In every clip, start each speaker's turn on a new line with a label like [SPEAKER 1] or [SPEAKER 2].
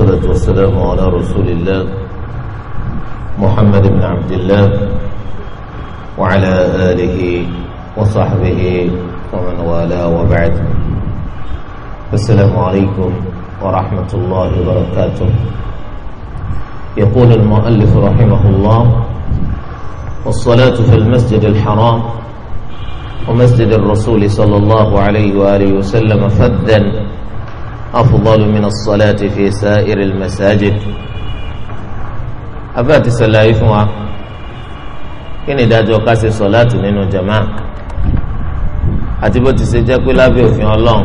[SPEAKER 1] والصلاة والسلام على رسول الله محمد بن عبد الله وعلى آله وصحبه ومن والاه وبعد السلام عليكم ورحمة الله وبركاته يقول المؤلف رحمه الله والصلاة في المسجد الحرام ومسجد الرسول صلى الله عليه وآله وسلم فذا أفضل من الصلاة في سائر المساجد أفات الصلاة فوا kíni ìdájọ́ ká ṣe sọ̀láàtì nínú jama àti bó ti ṣe jẹ́ pé lábẹ́ òfin ọlọ́run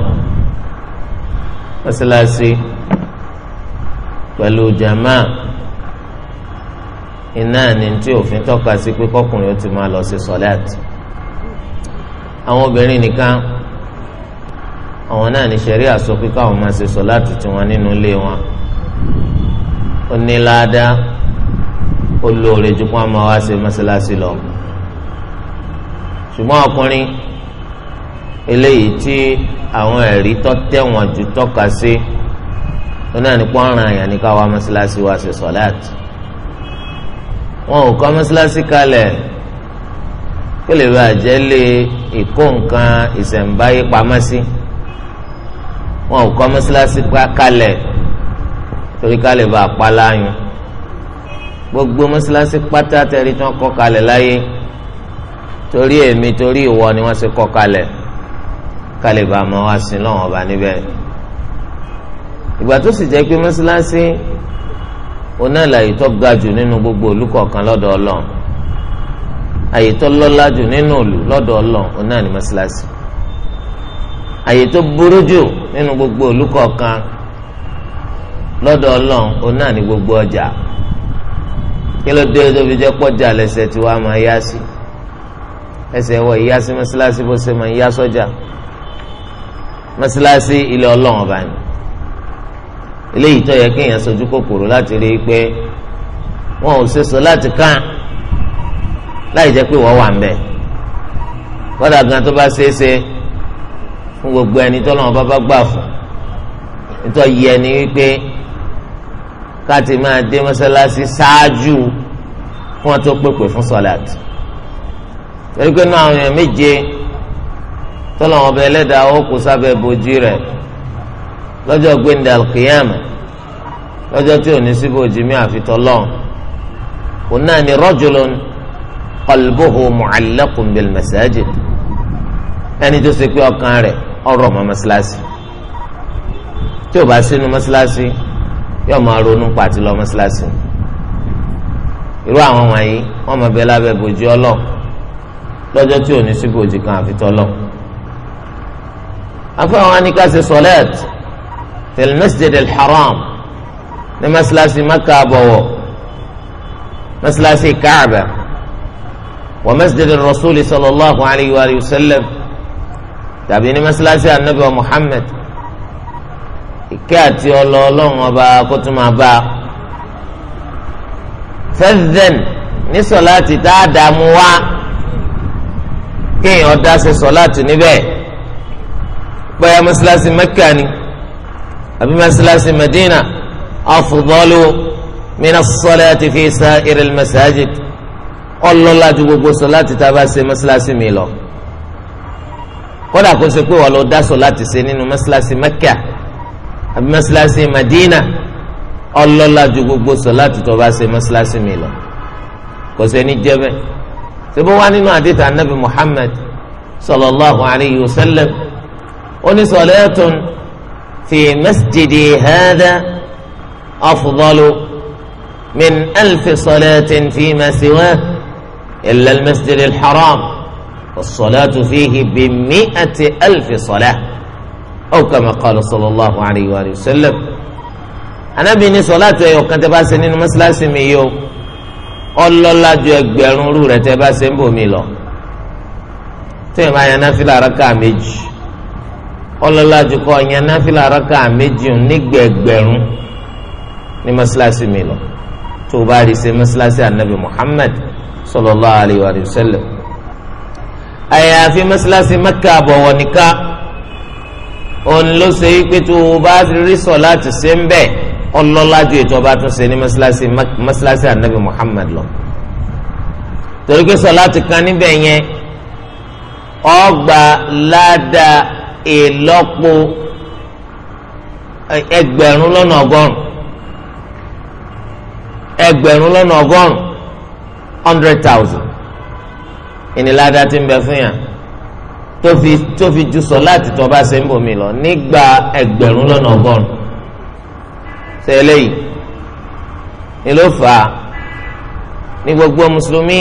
[SPEAKER 1] mọ́sálásí pẹ̀lú jama iná ni tí òfin tọ́ka sí pé kọkùnrin ó ti máa lọ ṣe sọ̀láàtì àwọn obìnrin nìkan àwọn náà ní sẹ́ríà sọ pé káwọn máa ṣe sọ̀láàtù tiwọn nínú ilé wọn ó ní ládàá ó lóore ju kó máa wá ṣe mọ́ṣáláṣí lọ ṣùgbọ́n ọkùnrin eléyìí tí àwọn ẹ̀rí tó tẹ̀wọ̀n jù tọ́ka sí ó náà ní pọ́nrán àyàn ní káwọn mọ́ṣáláṣí wá ṣe sọ̀láàtù wọn ò kọ́ mọ́ṣáláṣí kalẹ̀ kó lè bàjẹ́ lé ìkó nǹkan ìṣẹ̀ǹbáyé pamọ́ sí. Si wọn ò kọ́ mọ́sálásí kalẹ̀ torí kalẹ̀ bá pa láyún gbogbo mọ́sálásí pátá tẹ̀rí tí wọ́n kọ́ kalẹ̀ láyé torí èmi torí ìwọ ni wọ́n ṣe kọ́ kalẹ̀ kalẹ̀ bá máa wá sí lọ́wọ́n ọba níbẹ̀ ìgbà tó sì jẹ́ pé mọ́sálásí onáàlàyé tó ga jù nínú gbogbo ìlú kọ̀ọ̀kan lọ́dọ̀ Ọlọ́run àyè tó lọ́lá jù nínú ìlú lọ́dọ̀ Ọlọ́run onáà ní mọ́sálásí àyè tó burú jù nínú gbogbo olùkọ̀ọ̀kan lọ́dọ̀ ọlọ́run òun náà ní gbogbo ọjà kí ló dé tó fi jẹ́ pọ́jà lẹ́sẹ̀ tí wàá máa yá sí ẹsẹ̀ wọ ìyá sí mọ́sálásí bó ṣe máa yá sọ́jà mọ́sálásí ilé ọlọ́run ọba ni eléyìí tó yẹ kéèyàn sojú kòkòrò láti rí i pé wọn ò ṣe sọ láti kàn láì jẹ́ pé wọ́n wà ń bẹ̀ kọ́dà gan tó bá ṣeé ṣe fún gbogbo ẹni tọ́lọ́wọ́n bá bá gbà fún nítorí yẹ ni wípé káàtì máa dé mọ́sálásí ṣáájú kí wọ́n tó pèpè fún sọ́láàt torí pé náà àwọn èèyàn méje tọ́lọ́wọ́n bẹ ẹlẹ́dàá ó kó sábẹ́ bojú rẹ̀ lọ́jọ́ gbẹ̀ndẹ̀ alkiyama lọ́jọ́ tí ò ní síbò jimmy àfitọ́lọ́n òun náà ni rọ́jòlón qalbuhu mu'allaqun bil masajid ẹni tó ṣe pé ọkàn rẹ̀ ọ̀rọ̀ ọmọ mọ́sálásí tí ò bá sínú mọ́sálásí yóò máa ronú pàtí lọ mọ́sálásí irú àwọn wọ̀nyí wọ́n máa bẹ lábẹ́ bòjú ọlọ́ lọ́jọ́ tí ò ní sí bòjú kan àfi tọ́lọ́ afẹ́ àwọn anìkàsí sọlẹ́t fil masjid al-haram ní mọ́sálásí maka àbọ̀wọ̀ mọ́sálásí káàbà wà masjid al-rasul sallallahu alayhi wa sallam tàbí ní mọ́sálásí anabi muhammed ìkẹ́ àti ọlọ ọlọ́run ọba kó tún máa bá a fẹ́ẹ́dẹ́n ní sọ̀láàtì tá a dààmú wá kéèyàn dá ṣe sọ̀láàtì níbẹ̀ bóyá mọ́sálásí mẹ́kà ni àbí mọ́sálásí mẹ́dínà afdalu mina sọ̀láàtì fi sa'iril masajid ọlọ́lá ju gbogbo sọ̀láàtì tá a bá ṣe mọ́sálásí mi lọ kódà kó ṣe pé wà ló dásọ láti ṣe nínú mọ́ṣáláṣí mẹ́kà àbí mọ́ṣáláṣí madina ọlọ́lá ju gbogbo sọ láti tó bá ṣe mọ́ṣáláṣí mi lọ kò ṣe ní jẹ́ bẹ́ẹ̀ ṣe bó wá nínú àdìtà anabi muhammad sallallahu alayhi wa sallam oní sọlẹ́tùn fi masjidi hada afdalu min alfi sọlẹ́tìn fi ma siwa illa almasjidi as-salatu fihi bi mi'ati alfi salah aw kama qala sallallahu alayhi wa sallam anabi ní sọláàtù ẹyọ kan tẹ́ bá ṣe nínú mọ́ṣáláṣí mi yìí o ọlọ́lá ju ẹgbẹ̀rún rú rẹ̀ tẹ́ bá ṣe ń bò mí lọ tẹ́ ẹ̀ bá yan náfìlà rákà méjì ọlọ́lá ju kọ́ yan náfìlà rákà méjì nígbẹ̀gbẹ̀rún ní mọ́ṣáláṣí mi lọ tó o bá rí ṣe mọ́ṣáláṣí anabi muhammad sallallahu alayhi wa sallam àyàfi mọ́sálásí mẹ́kà àbọ̀wọ̀ nìkan òun ló ṣe wípé tó o bá rí sọ láti ṣe ń bẹ̀ ọlọ́lá ju ètò ọba tó ṣe ní mọ́sálásí mọ́sálásí ànábì Muhammad lọ torí pé sọ láti kan níbẹ̀ yẹn ọgbà ládàá ìlọ́po ẹgbẹ̀rún lọ́nà ọgọ́rùn ẹgbẹ̀rún lọ́nà ọgọ́rùn hundred thousand ìnìládá ti ń bẹ fún yàn tó fi tó fi ju sọ láti tọ́ bá ṣe ń bomi lọ nígbà ẹgbẹ̀rún lọ́nà ọgọ́rùn-ún ṣe eléyìí ni ló fà á ní gbogbo mùsùlùmí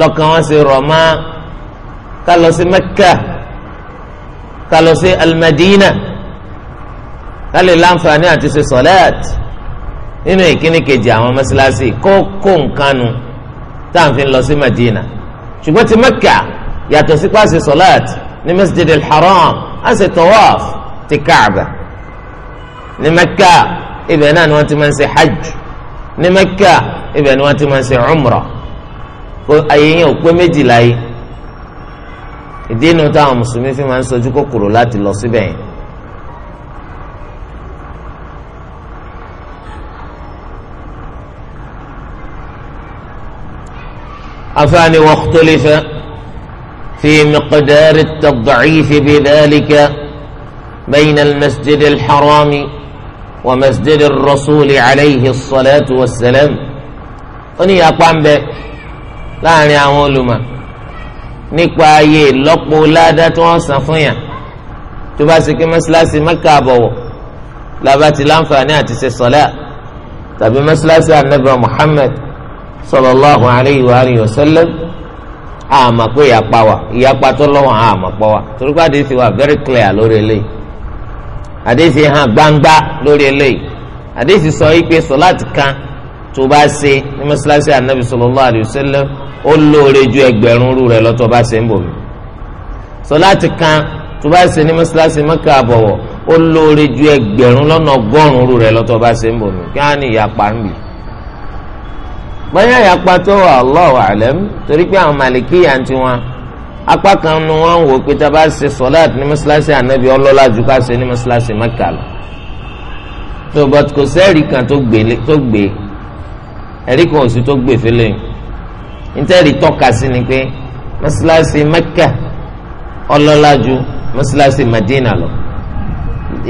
[SPEAKER 1] lọ́kàn wọn ṣe rọ̀ mọ́ ká lọ sí mẹ́kà ká lọ sí alimadina ká lè láǹfààní àti ṣe sọ̀láàtì nínú ìkíni kejì àwọn mọ́ṣáláṣí kó kó nǹkan nu táà ń fi lọ sí madina ṣùgbọ́n ti mẹ́kà yàtọ̀ sí pàṣẹ sọ́láàt ní masjid al-haram á ṣe tawaf ti káàbà ní mẹ́kà ibẹ̀ náà ni wọ́n ti máa ń ṣe hajj ní mẹ́kà ibẹ̀ ni wọ́n ti máa ń ṣe umra kó ayé yẹn méjìlá yìí ìdí inú táwọn mùsùlùmí fi máa ń sojú kòkòrò láti lọ síbẹ̀ yẹn عفاني واختلف في مقدار التضعيف بذلك بين المسجد الحرام ومسجد الرسول عليه الصلاة والسلام فني أقوام به لا أني أقول ما نكوى أيه لقب ولادة وصفية تباسك مسلاسي مكة أبوه لا باتي الأنفى أني أتسي الصلاة تبي مسلاسي النبي محمد sallallahu alayhi wa alihi wa sallam àmà pé ìyapa wa ìyapa tó lọ́wọ́ àmà pọ̀ wa torí pé àdéhìí wa very clear lórí eléyìí àdéhìí hàn gbangba lórí eléyìí àdéhìí sọ wípé sọláàtì kan tó bá ṣe ní mọ́ṣáláṣí ànábì sallallahu alayhi wa sallam ó lóore ju ẹgbẹ̀rún rú rẹ̀ lọ́tọ́ bá ṣe ń bò mí sọláàtì kan tó bá ṣe ní mọ́ṣáláṣí mẹ́kà àbọ̀wọ̀ ó lóore ju ẹgbẹ̀rún lọ́nà ọgọ́rùn-ún rú rẹ̀ lọ́tọ́ bá ṣe ń bò mí kí á ní ìyapa ń bì í bóyá ìyapa tó wà Allahu a'lam torí pé àwọn màlìkíyà ń tiwọn apá kan nu wọn wò pé tá a bá ṣe sọláàtì ní mọ́ṣáláṣí ànábì ọlọ́lá ju ká ṣe ní mọ́ṣáláṣí Mẹ́kà lọ tó bọ́t kò sẹ́ẹ̀rì kan tó gbé ẹ̀rí kan òsì tó gbé fílẹ̀ nítẹ̀rí tọ́ka sí ni pé mọ́ṣáláṣí Mẹ́kà ọlọ́lá ju mọ́ṣáláṣí Madina lọ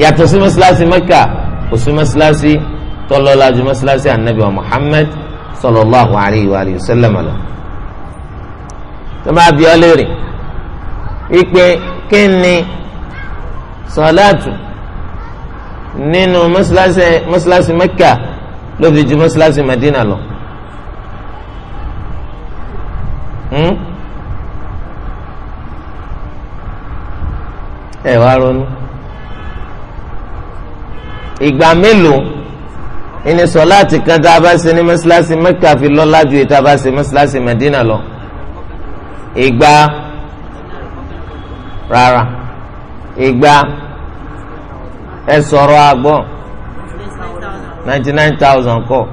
[SPEAKER 1] yàtọ̀ sí mọ́ṣáláṣí Mẹ́kà òsì mọ́ṣáláṣí tọ́lọ́lá ju mọ́ṣáláṣí ànábì sallallahu alayhi wa sallam lọ. tó máa bí ọ léèrè wípé kí ni sọláàtù nínú mọ́ṣáláṣí mẹ́kà ló fi ju mọ́ṣáláṣí mẹ́dínà lọ. Hmm? ẹ wá ronú ìgbà mélòó ìní sọláàtì kan tá a bá ṣe ní mọ́ṣáláṣí mẹ́kà fi lọ́lá ju èyí tá a bá ṣe mọ́ṣáláṣí mẹ́dínà lọ ìgbà rárá ìgbà ẹ sọ̀rọ̀ àgbọ̀ ninety nine thousand kọ́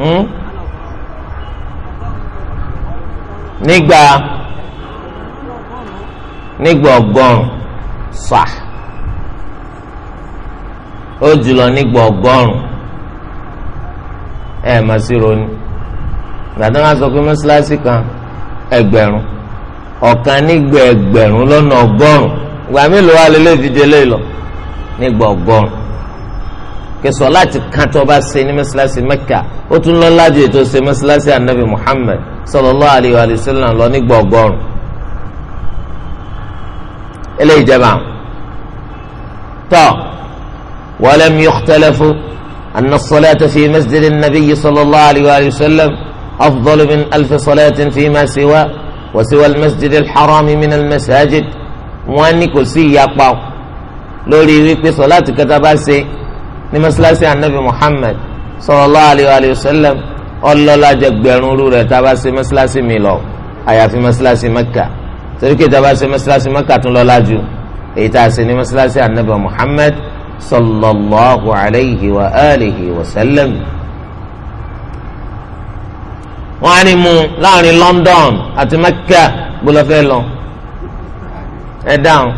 [SPEAKER 1] hmm? nígbà nígbà ọgọ́rùn sáà. ó jùlọ nígbà ọgọ́rùn ẹ mà sí ronú gbàdán wá sọ pé mọ́ṣáláṣí kan ẹgbẹ̀rún ọ̀kan nígbà ẹgbẹ̀rún lọ́nà ìgbà mélòó wà lélẹ́ ìdíje lé lọ nígbà ọgọ́rùn kẹsọ̀ láti kan tó bá ṣe ní mọ́ṣáláṣí mẹ́kà ó tún lọ láti ètò ṣe mọ́ṣáláṣí anabi muhammed sallallahu alayhi wa sallam lọ ولم يختلفوا أن الصلاة في مسجد النبي صلى الله عليه وآله وسلم أفضل من ألف صلاة فيما سوى وسوى المسجد الحرام من المساجد وأنكو سي يقبع لولي ويكي صلاة كتباسي نمسلاسي عن النبي محمد صلى الله عليه وآله وسلم قال لا جبان ورورة تباسي مسلاسي ميلو أيا في مسلاسي مكة تركي تباسي مسلاسي مكة تنلو لاجو إيتاسي نمسلاسي عن النبي محمد sallallahu alayhi wa alihi wa sallam. wọ́n á ní mu láàrin London àti Mecca gbọ́lọ́fẹ́ lọ ẹ dáhùn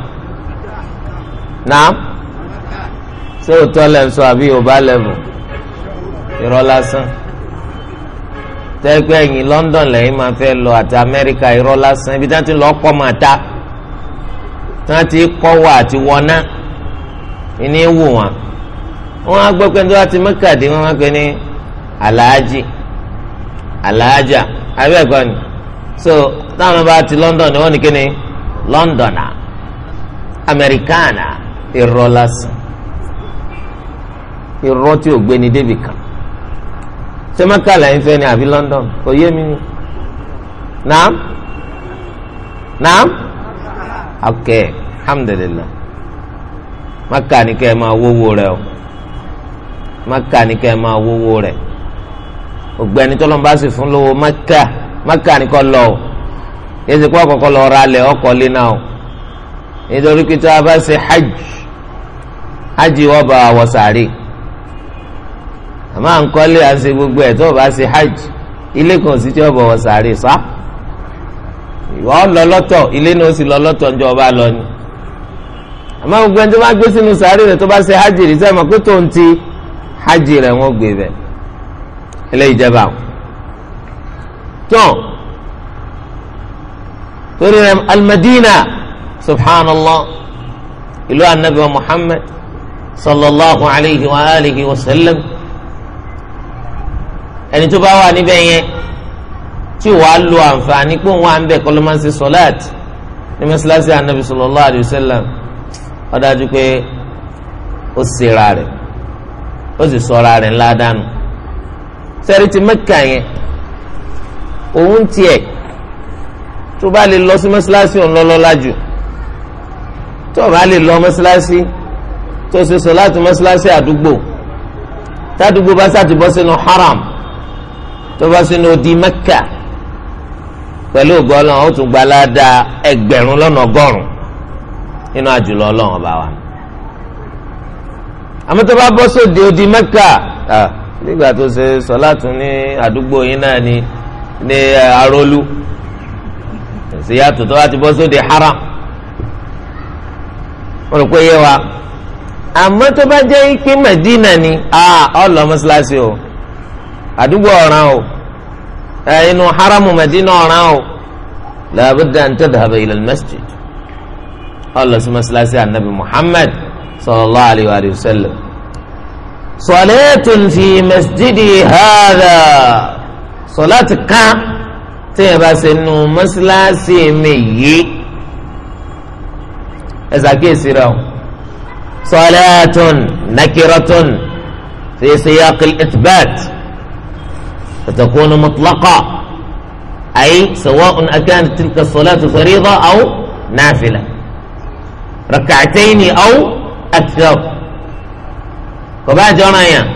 [SPEAKER 1] náà ṣé òótọ́ lẹ̀ ń sọ àbí yorùbá lẹ́mù irọ́ lásán tẹ́gbẹ́ ẹ̀yìn London lẹ́yìn máa fẹ́ lọ àti Amẹ́ríkà irọ́ lásán ibi tí wọ́n ti lọ́ọ́ pọ̀ máa ta tí wọ́n ti kọ́ wà àti wọ́n náà ìní wù wọn wọn á gbọ́ pé ní wọn ti mẹ́kà dé wọn á pè ní aláàjì aláàjà abẹ́ẹ̀kọ́ ni so táwọn bá ti London ni wọ́n ní kí ni Londona Americana irọ́ lásán irọ́ tí ò gbé ni débì kan ṣé mẹ́kà lẹ́yìn fẹ́ ni àbí London kò yé mi ni naam naam ok alhamdulilayi maka ni kẹ́ ẹ máa wówó rẹ o maka ni kẹ́ ẹ máa wówó rẹ ògbẹ́ni tọ́lọ́mbà sì fún lówó maka maka ni kọ́ lọ o yéésì kó ọkọ̀ lọ ra lẹ̀ ọkọ̀ lé náà o nítorí pé tí a bá ṣe hajj hajj wọ́n bá wọ sàárè àmọ́ à ń kọ́lé à ń ṣe gbogbo ẹ̀ tó o bá ṣe hajj ilé kan sì tí wọ́n bá wọ sàárè sá ìwọ lọ lọ́tọ̀ ilé náà sì lọ lọ́tọ̀ ń lọ ni àmọ́ gbogbo ẹni tó bá gbé sínú sàárè rẹ̀ tó bá ṣe hajj rẹ̀ sẹ́yìn mọ̀ pé tó ń ti hajj rẹ̀ wọ́n gbé bẹ̀ eléyìí jẹba o tán torí rẹ̀ almadina subhanallah ìlú anabi muhammad sallallahu alayhi wa alihi wa sallam ẹni tó bá wà níbẹ̀ yẹn tí wàá lo àǹfààní pé òun wà ń bẹ̀ kọ́ ló ní mẹ́sàlásì anabi sallallahu alayhi wa sallam ó dájú pé ó sera rẹ̀ ó sì sọra rẹ̀ ńlá dànù sẹ́rí ti mẹ́kà yẹn òun tiẹ̀ tó bá lè lọ sí mọ́ṣáláṣí òun lọ́lọ́lá jù tó bá lè lọ mọ́ṣáláṣí tó ṣe sọ láti mọ́ṣáláṣí àdúgbò tádùgbò bá sá ti bọ́ sínú haram tó bá sínú odi mẹ́kà pẹ̀lú ògbọ́n náà ó tún gbalá da ẹgbẹ̀rún lọ́nà ọgọ́rùn-ún nínú àjùlọ ọlọ́run ọba wa àmọ́ tó bá bọ́ sóde odi mẹ́kà nígbà tó ṣe sọ́láàtù ní àdúgbò yín náà ní ní arólú ìṣèyàtò tó bá ti bọ́ sóde haram wọ́n rò pé yé wa àmọ́ tó bá jẹ́ pé Mẹ̀dínà ni ọlọ́ mọ́ṣáláṣí o àdúgbò ọ̀ràn o inú haramu Mẹ̀dínà ọ̀ràn o làbúdà ń tẹ̀dà àbẹ̀yìlẹ̀ mẹ́sìtì. ọ lọ sí mọ́sálásí anabi muhammad sallallahu alayhi wa alihi wa sallam. sọlẹ́tùn fi masjidi hàdà sọláàtì kan téèyàn bá ṣe nu mọ́sálásí mi yìí ẹ ṣàkíyèsí rẹ o sọlẹ́tùn nàkìrọ̀tùn fi siyaq al-ithbat فتكون مطلقة أي سواء أكانت تلك الصلاة فريضة أو نافلة raka'ataini aw akthar kò bá jẹ́ ọ̀ràn yàn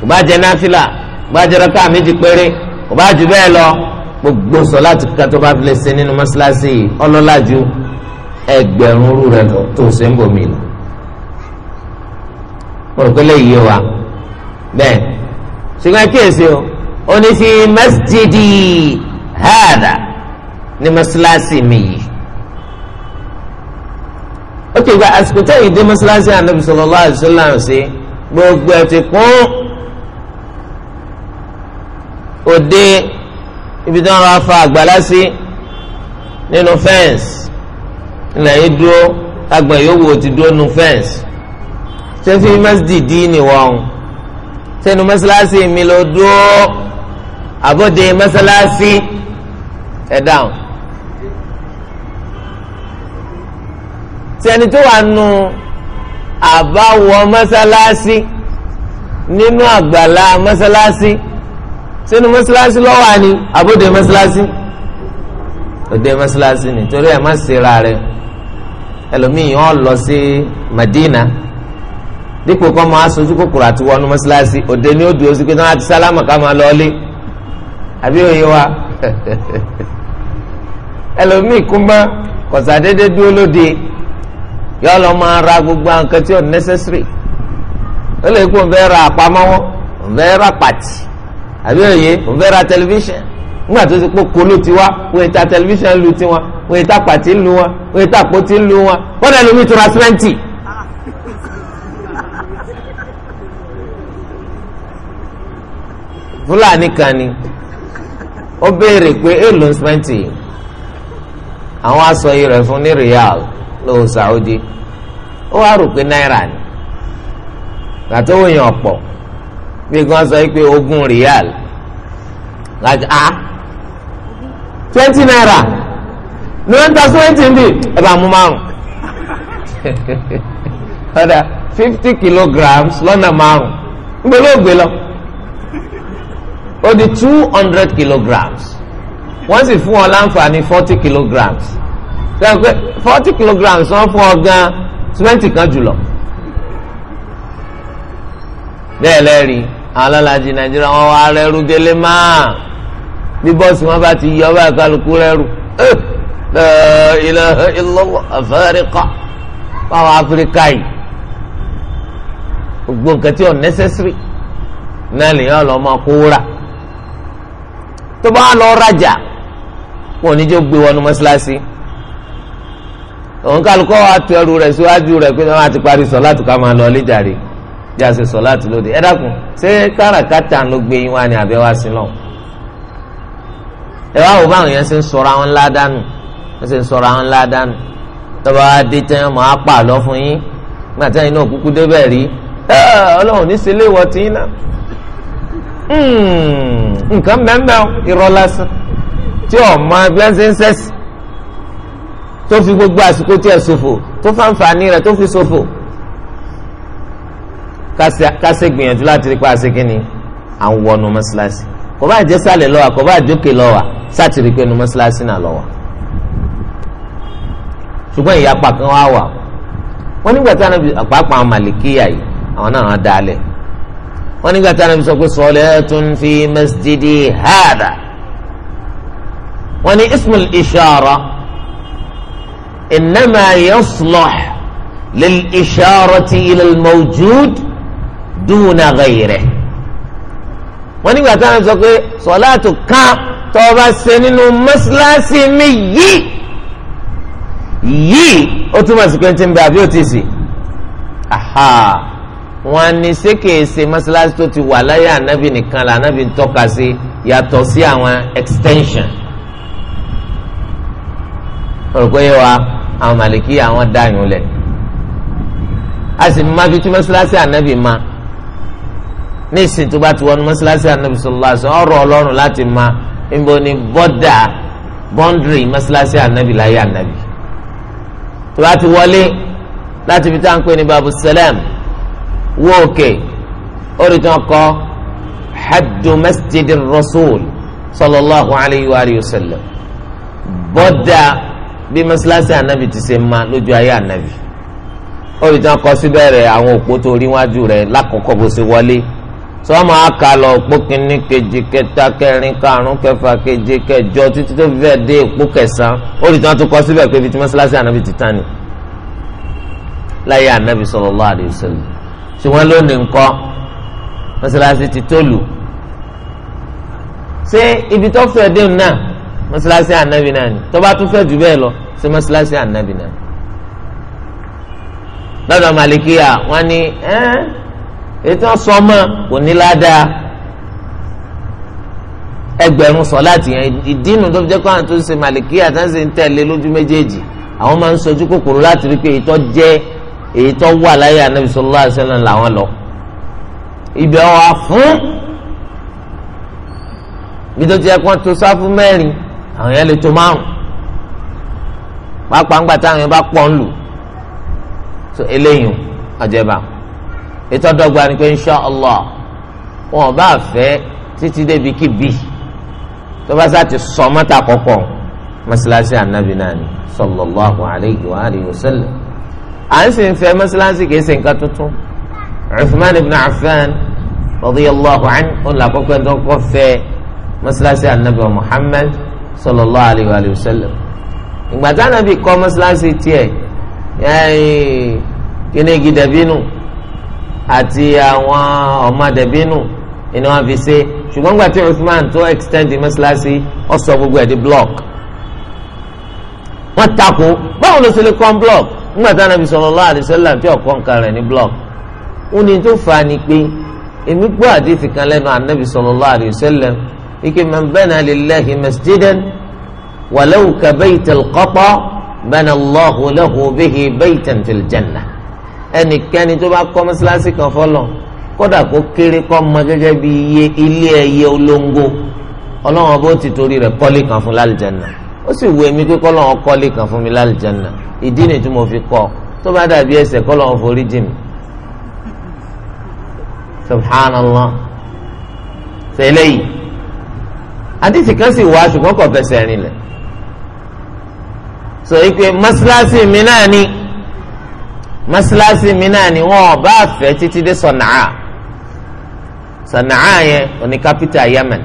[SPEAKER 1] kò bá jẹ́ náfìlà kò bá jẹ́ raka méjì péré kò bá jù bẹ́ẹ̀ lọ gbogbo sọ̀láàtì kíkà tó bá fi lè ṣe nínú mọ́ṣáláṣí ju ẹgbẹ̀rún rú rẹ̀ lọ tó ṣe ń bomi lọ. mo rò wa bẹ́ẹ̀ ṣùgbọ́n kíyèsí o ó masjidi hada ní mọ́ṣáláṣí mi yìí ok gba àsìkò tẹ̀yìn dé mọ́sálásí ànábì sallallahu alaihi wasallam sí gbogbo ẹ̀ ti kún òde ibi tí wọ́n lọ́ọ́ fa àgbàlá sí nínú fẹ́ǹsì ilẹ̀ yìí dúró agbọ̀n yòówù ti dúró nínú fẹ́ǹsì ṣé fi mẹ́sídìdì nìwọ̀n sẹ́nu mọ́sálásí mi ló dúró àbọ̀dé mọ́sálásí ẹ̀ dáhùn. sẹni tó wà nù àbáwọ mọ́sálásí nínú àgbàlá mọ́sálásí sínú mọ́sálásí lọ́wọ́ àní àbóde mọ́sálásí òde mọ́sálásí ni torí ẹ̀ má ṣera rẹ̀ ẹlòmíì ọ̀ lọ sí Madina dípò kọ́ máa sojú kòkòrò àti wọnú mọ́sálásí òde ni ó dúró sí pé náà ti sálámà ká máa lọ ọlé àbí òye wa ẹlòmíì kúmbá kọ̀sádédé dúró lóde yọ lọ máa ra gbogbo nǹkan tí ò necessary ó lè kó nfẹ́ ra àpamọ́wọ́ nfẹ́ ra pàtì àbí òye nfẹ́ ra tẹlifíṣàn nígbà tó ti pé kolo ti wá wọ́n ta tẹlifíṣàn lu tiwọn wọ́n ta pàtì lu wọn wọ́n ta pòtì lu wọn wọ́n dẹ̀ lómi tura sìmẹ́ǹtì. fúlàní kan ni ó béèrè pé èèlò sìmẹ́ǹtì àwọn aṣọ yìí rẹ̀ fún ní rìal lówó Saudi ó wá rò pé náírà ni gbàtó wòyàn ọ̀pọ̀ bí gan sọ pé ogún rial láti a ah, twenty naira ní wọ́n ń ta twenty bíi ẹ bá mú márùn ọ̀dà fifty kilograms lọ́nà márùn gbọ́dọ̀ ògbé lọ ó di two hundred kilograms wọ́n sì fún ọ láǹfààní forty kilograms sọ pé forty kilograms wọ́n fún ọ gan twenty kan jùlọ bẹ́ẹ̀ lẹ́rìí àwọn ọlọ́lajì nàìjíríà wọn wá rẹ́rù délé máa bí bọ́ọ̀sì wọn bá ti yọ ọba ìkálukú rẹ́rù eh, la ilaha illallah fáwọn áfíríkà yìí gbogbo nǹkan tí ò necessary náà lèyàn lọ máa kó rà tó bá lọ rajà wọn ò ní jẹ́ gbé wọnú mọ́ṣáláṣí òun kálukọ́ wa tu ẹrù rẹ̀ síwájú rẹ̀ pé wọ́n ti parí sọ láti ká máa lọ ilé jàre bí a ṣe sọ láti lóde ẹ dákun ṣé káràkátà ló gbé yín wá ní abẹ́ wá sí lọ. ẹ wá wò báwọn yẹn ṣe ń sọra wọn ńlá dànù ṣe ń sọra wọn ńlá dànù wa dé tẹ́ wọn máa lọ fún yín nígbà tí ẹ̀yin náà kúkú débẹ̀ rí ọlọ́run ní sílé wọ tí iná hmm, nǹkan mẹ́mẹ́ ìrọ̀ lásán tí ọ̀ máa gbẹ́sẹ̀ ń sẹ́sì tó fi gbogbo àsìkò tiẹ̀ ṣòfò tó fàǹfààní rẹ̀ tó fi ṣòfò kásẹ̀ gbìyànjú láti rí pa àṣẹ kínní à ń wọnú mọ́ṣáláṣí kò bá jẹ́ sálẹ̀ lọ́wọ́ kò bá jókè lọ́wọ́ sátìrì pé nu mọ́ṣáláṣí náà lọ́wọ́ ṣùgbọ́n ìyapa kan wá wà wọ́n nígbà tí anabi àpapọ̀ àwọn màlìkíyà yìí àwọn náà wọ́n dalẹ̀ wọ́n nígbà tí anabi sọ pé salatun fi masjidi hada wọ́n ní ismul ishara. إنما يصلح للإشارة إلى الموجود دون غيره wọ́n nígbà táwọn sọ pé sọ̀láàtù kan tó o bá ṣe nínú mọ́ṣáláṣí mi yìí yìí ó túmọ̀ sí pé ti ń bẹ àbí ó ti sì aha wọ́n ní ṣé kìí mọ́ṣáláṣí tó ti wà láyé ànábì nìkan là ànábì ń tọ́ka sí yàtọ̀ sí àwọn extension rò pé wa àwọn màlìkí àwọn dáyùn lẹ̀ a sì máa fi tú mọ́sálásí ànábì ma nísìnyí tó bá ti wọnú mọ́sálásí ànábì sallallahu alaihi wasallam ọ̀rọ̀ ọlọ́run láti ma níbo ni bọ́dà bọ́ndìrì mọ́sálásí ànábì láyé ànábì tó bá ti wọlé láti fi táwọn pè ní babu salam wó òkè orí kọ hadu masjid rasul sallallahu alayhi wa sallam bọ́dà bí mọ́sálásí ànábì ti ṣe máa lójú ayé ànábì òbí tí wọ́n kọ síbẹ̀ rẹ̀ àwọn òpó tó rí wájú rẹ̀ lákọ̀ọ́kọ́ bó ṣe wọlé tí wọ́n máa kà lọ òpó kínní kejì kẹta kẹrin karùn-ún kẹfà keje kẹjọ títí tó fẹ́ dé òpó kẹsàn-án òbí tí wọ́n tún kọ síbẹ̀ pé ibi tí mọ́sálásí ànábì ti tán ni láyé ànábì sallallahu alaihi wasallam ṣùgbọ́n lónìí ńkọ́ mọ́sálásí ti tó lù ṣé ibi tó fẹ́ dé náà mọ́sálásí ànábì náà ni tó bá tún fẹ́ jù bẹ́ẹ̀ lọ sí mọ́sálásí ànábì náà ni. lọ́dọ̀ màlìkíyà wọ́n ní ètò sọmọ kò ní ládàá ẹgbẹ̀rún sọ láti yẹn ìdínú tó fi jẹ́ kó àwọn tó ń ṣe màlìkíyà tó ń ṣe ń tẹ̀lé lójú méjèèjì àwọn máa ń sojú kòkòrò láti rí pé ètò jẹ́ ètò wà láyé ànábì sallallahu alaihi làwọn lọ. ibẹ̀ wà fún bí tó ti yẹ kó tó sáfù mẹ́rin àwọn yẹn lè tó márùn pápá ńgbà táwọn yẹn bá pọ̀ ń lù so eléyìí ọ̀jẹ̀bà ètò ọ̀dọ́gba ni pé insha Allah wọn bá fẹ́ títí débi kíbi tó bá sáà ti sọ mọ́ta kọ̀ọ̀kan mọ́sálásí ànábì náà ni sallallahu alayhi wa alihi wa sallam à ń sìn fẹ́ mọ́sálásí kìí ṣe nǹkan tuntun Uthman ibn Affan radiyallahu anhu ó là kọ́kọ́ tó kọ́ fẹ́ mọ́sálásí ànábì wa Muhammad sallallahu alayhi wa sallam ìgbà tí anabi kọ́ mọ́sálásí tiẹ̀ kínégi dẹ̀bínú àti àwọn ọmọ dẹ̀bínú ìní wọn fi ṣe ṣùgbọ́n gbàtí Uthman tó extend mọ́sálásí ó sọ gbogbo ẹ̀ di block wọ́n takò báwo ló ṣe lè kọ́ block nígbà tí anabi sallallahu alayhi wa sallam tí nǹkan rẹ̀ ní block ó ní tó fà á ni pé èmi gbọ́ àdéhìí kan lẹ́nu anabi sallallahu alayhi wa ike man bana lillahi masjidan walau ka baytal qata bana allahu lahu bihi baytan fil janna ẹnikẹ́ni tó bá kọ́ mọ́sálásí kan fọlọ́ kódà kó kéré kọ́ mọ gẹ́gẹ́ bí iye ilé ẹyẹ olóńgó ọlọ́wọ́n bó ti torí rẹ̀ kọ́lé kan fún lálìjẹ́nà ó sì wù mí pé kọ́lọ́wọ́n kọ́lé kan fún mi lálìjẹ́nà ìdí ni tí mo fi kọ́ tó bá dàbí ẹsẹ̀ kọ́lọ́wọ́n forí jì subhanallah sẹ́lẹ̀ àdìsí kan sì wá ṣùgbọ́n kò fẹsẹ̀ rìn lẹ̀ sọ pé mọ́sálásí mi náà ni mọ́sálásí mi náà ni wọn ò bá títí dé sọ̀nàá sọ̀nàá yẹn òní kápítà Yemen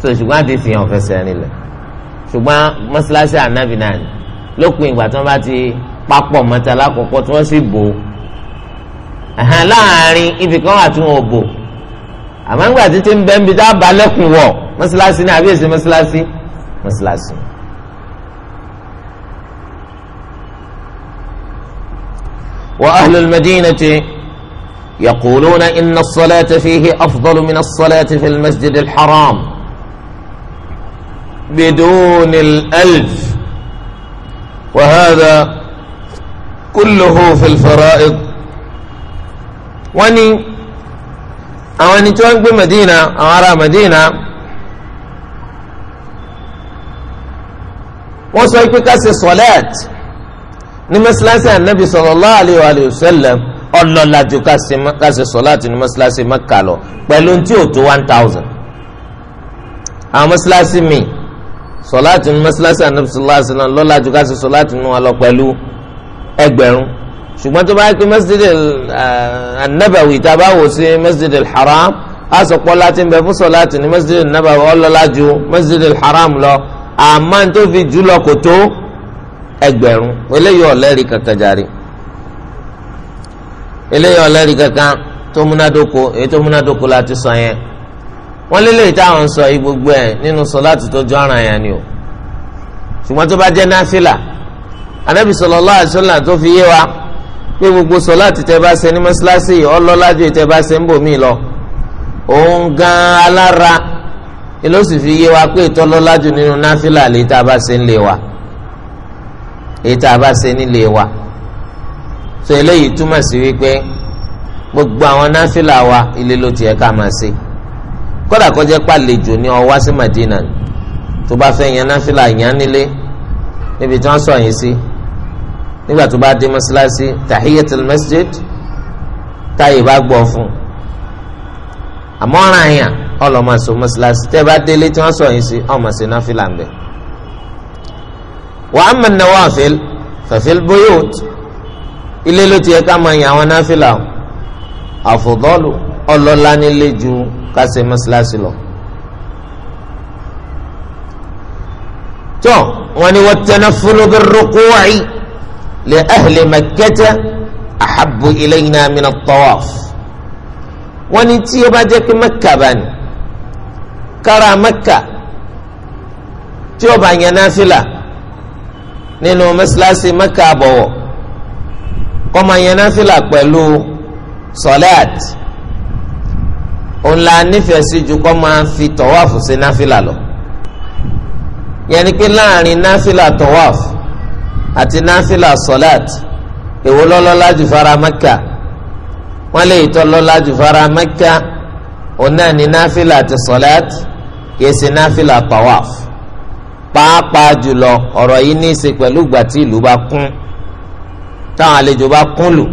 [SPEAKER 1] so ṣùgbọ́n àdìsí yẹn ò fẹsẹ̀ rìn lẹ̀ ṣùgbọ́n mọ́sálásí ànábì náà ni lópin ìgbà tí wọ́n bá ti papọ̀ mọ́tàlá kọ̀ọ̀kan tí wọ́n sì bò láàárín ibìkan àti wọn ò bò. àmọ́ ńgbà títí ń bẹ́ ń bi tá a bá lẹ́kùn wọ̀ mọ́sálásí ní àbíyèsí mọ́sálásí mọ́sálásí. وأهل المدينة يقولون إن الصلاة فيه أفضل من الصلاة في المسجد الحرام بدون الألف وهذا كله في الفرائض وني àwọn ẹni tí wọ́n ń gbé Medina àwọn ará Medina wọ́n sọ pé ká ṣe sọlẹ́t ní mẹ́sàlásì ànábì sallallahu alayhi wa alihi wa sallam ọlọ́làjú ká ṣe sọlẹ́t ní mẹ́sàlásì Mẹ́kà lọ pẹ̀lú tí ò tó one thousand àwọn mẹ́sàlásì míì sọlẹ́t ní mẹ́sàlásì ànábì sallallahu alayhi wa sallam ká ṣe sọlẹ́t ní wọn lọ pẹ̀lú ẹgbẹ̀rún ṣùgbọ́n tó bá yẹ pé masjid anabawi tá a bá wò sí masjid haram a sọ pé láti ń bẹ fún sọláàtì ní masjid anabawi ọlọ́lá ju masjid haram lọ àmọ́ tó fi jù lọ kò tó ẹgbẹ̀rún eléyìí ọ̀lẹ́rìí kankan jàre eléyìí ọ̀lẹ́rìí kankan tó múnádóko èyí tó múnádóko láti sọ yẹn wọ́n lélẹ̀ táwọn sọ yìí gbogbo ẹ̀ nínú sọláàtì tó jọ ara yẹn ni o ṣùgbọ́n tó bá jẹ́ náfìlà anábì sallallahu alaihi tó fi yé wa pé gbogbo sọláàtì tẹ́ bá ṣe ní mọ́ṣáláṣí ọlọ́lájú tẹ́ bá ṣe ń bò mí lọ òun gan alára ló sì fi yé wa pé ìtọ́lọ́lájú nínú náfìlà lè tá a bá ṣe ń lè wa èyí tá a bá ṣe nílé wa so eléyìí túmọ̀ sí wípé gbogbo àwọn náfìlà wa ilé ló tiẹ̀ ká máa ṣe kódà kó pàlejò ní ọwá sí Madina tó bá fẹ́ yan náfìlà yan nílé níbi tí wọ́n sọ yín sí. Si nígbà tó bá dé mọ́sálásí tahiyatul masjid táyé bá gbọ́ fún un àmọ́ ọ̀ràn àyàn ọlọ́mọ àṣọ mọ́sálásí tẹ́ bá délé tí wọ́n sọ yìí sí ọmọ sí náfìlà ń bẹ̀. wa amma nawafil fafil buyut ilé ló ti yẹ ká máa yàn àwọn náfìlà o àfọ̀dọ́lù ọlọ́lá nílé ju kásẹ̀ mọ́sálásí lọ. tó wọn ni wọ́n tẹ́ná fúlùbí rúkú wáyé li ahli makkata ahabbu ilayna min at-tawaf wọ́n ní tí ó bá jẹ́ pé mẹ́kà bá ní kára mẹ́kà tí ó bá yẹn náfìlà nínú mẹ́sàlásì mẹ́kà àbọ̀wọ̀ kọ́ máa yẹn náfìlà pẹ̀lú sọ́láàt ònlà nífẹ̀ẹ́ sí ju kọ́ máa fi tọ́wáfù sí náfìlà lọ yẹn ni pé láàrin náfìlà tọ́wáfù àti náfìlà sọláàt èwo lọ́lọ́lá jù fara mẹ́kà wọ́n lè tọ́ lọ́lá jù fara mẹ́kà òun náà ní náfìlà àti sọláàt kìí ṣe náfìlà tawaf pàápàá jùlọ ọ̀rọ̀ yìí ní í ṣe pẹ̀lú ìgbà tí ìlú bá kún táwọn àlejò bá kún lù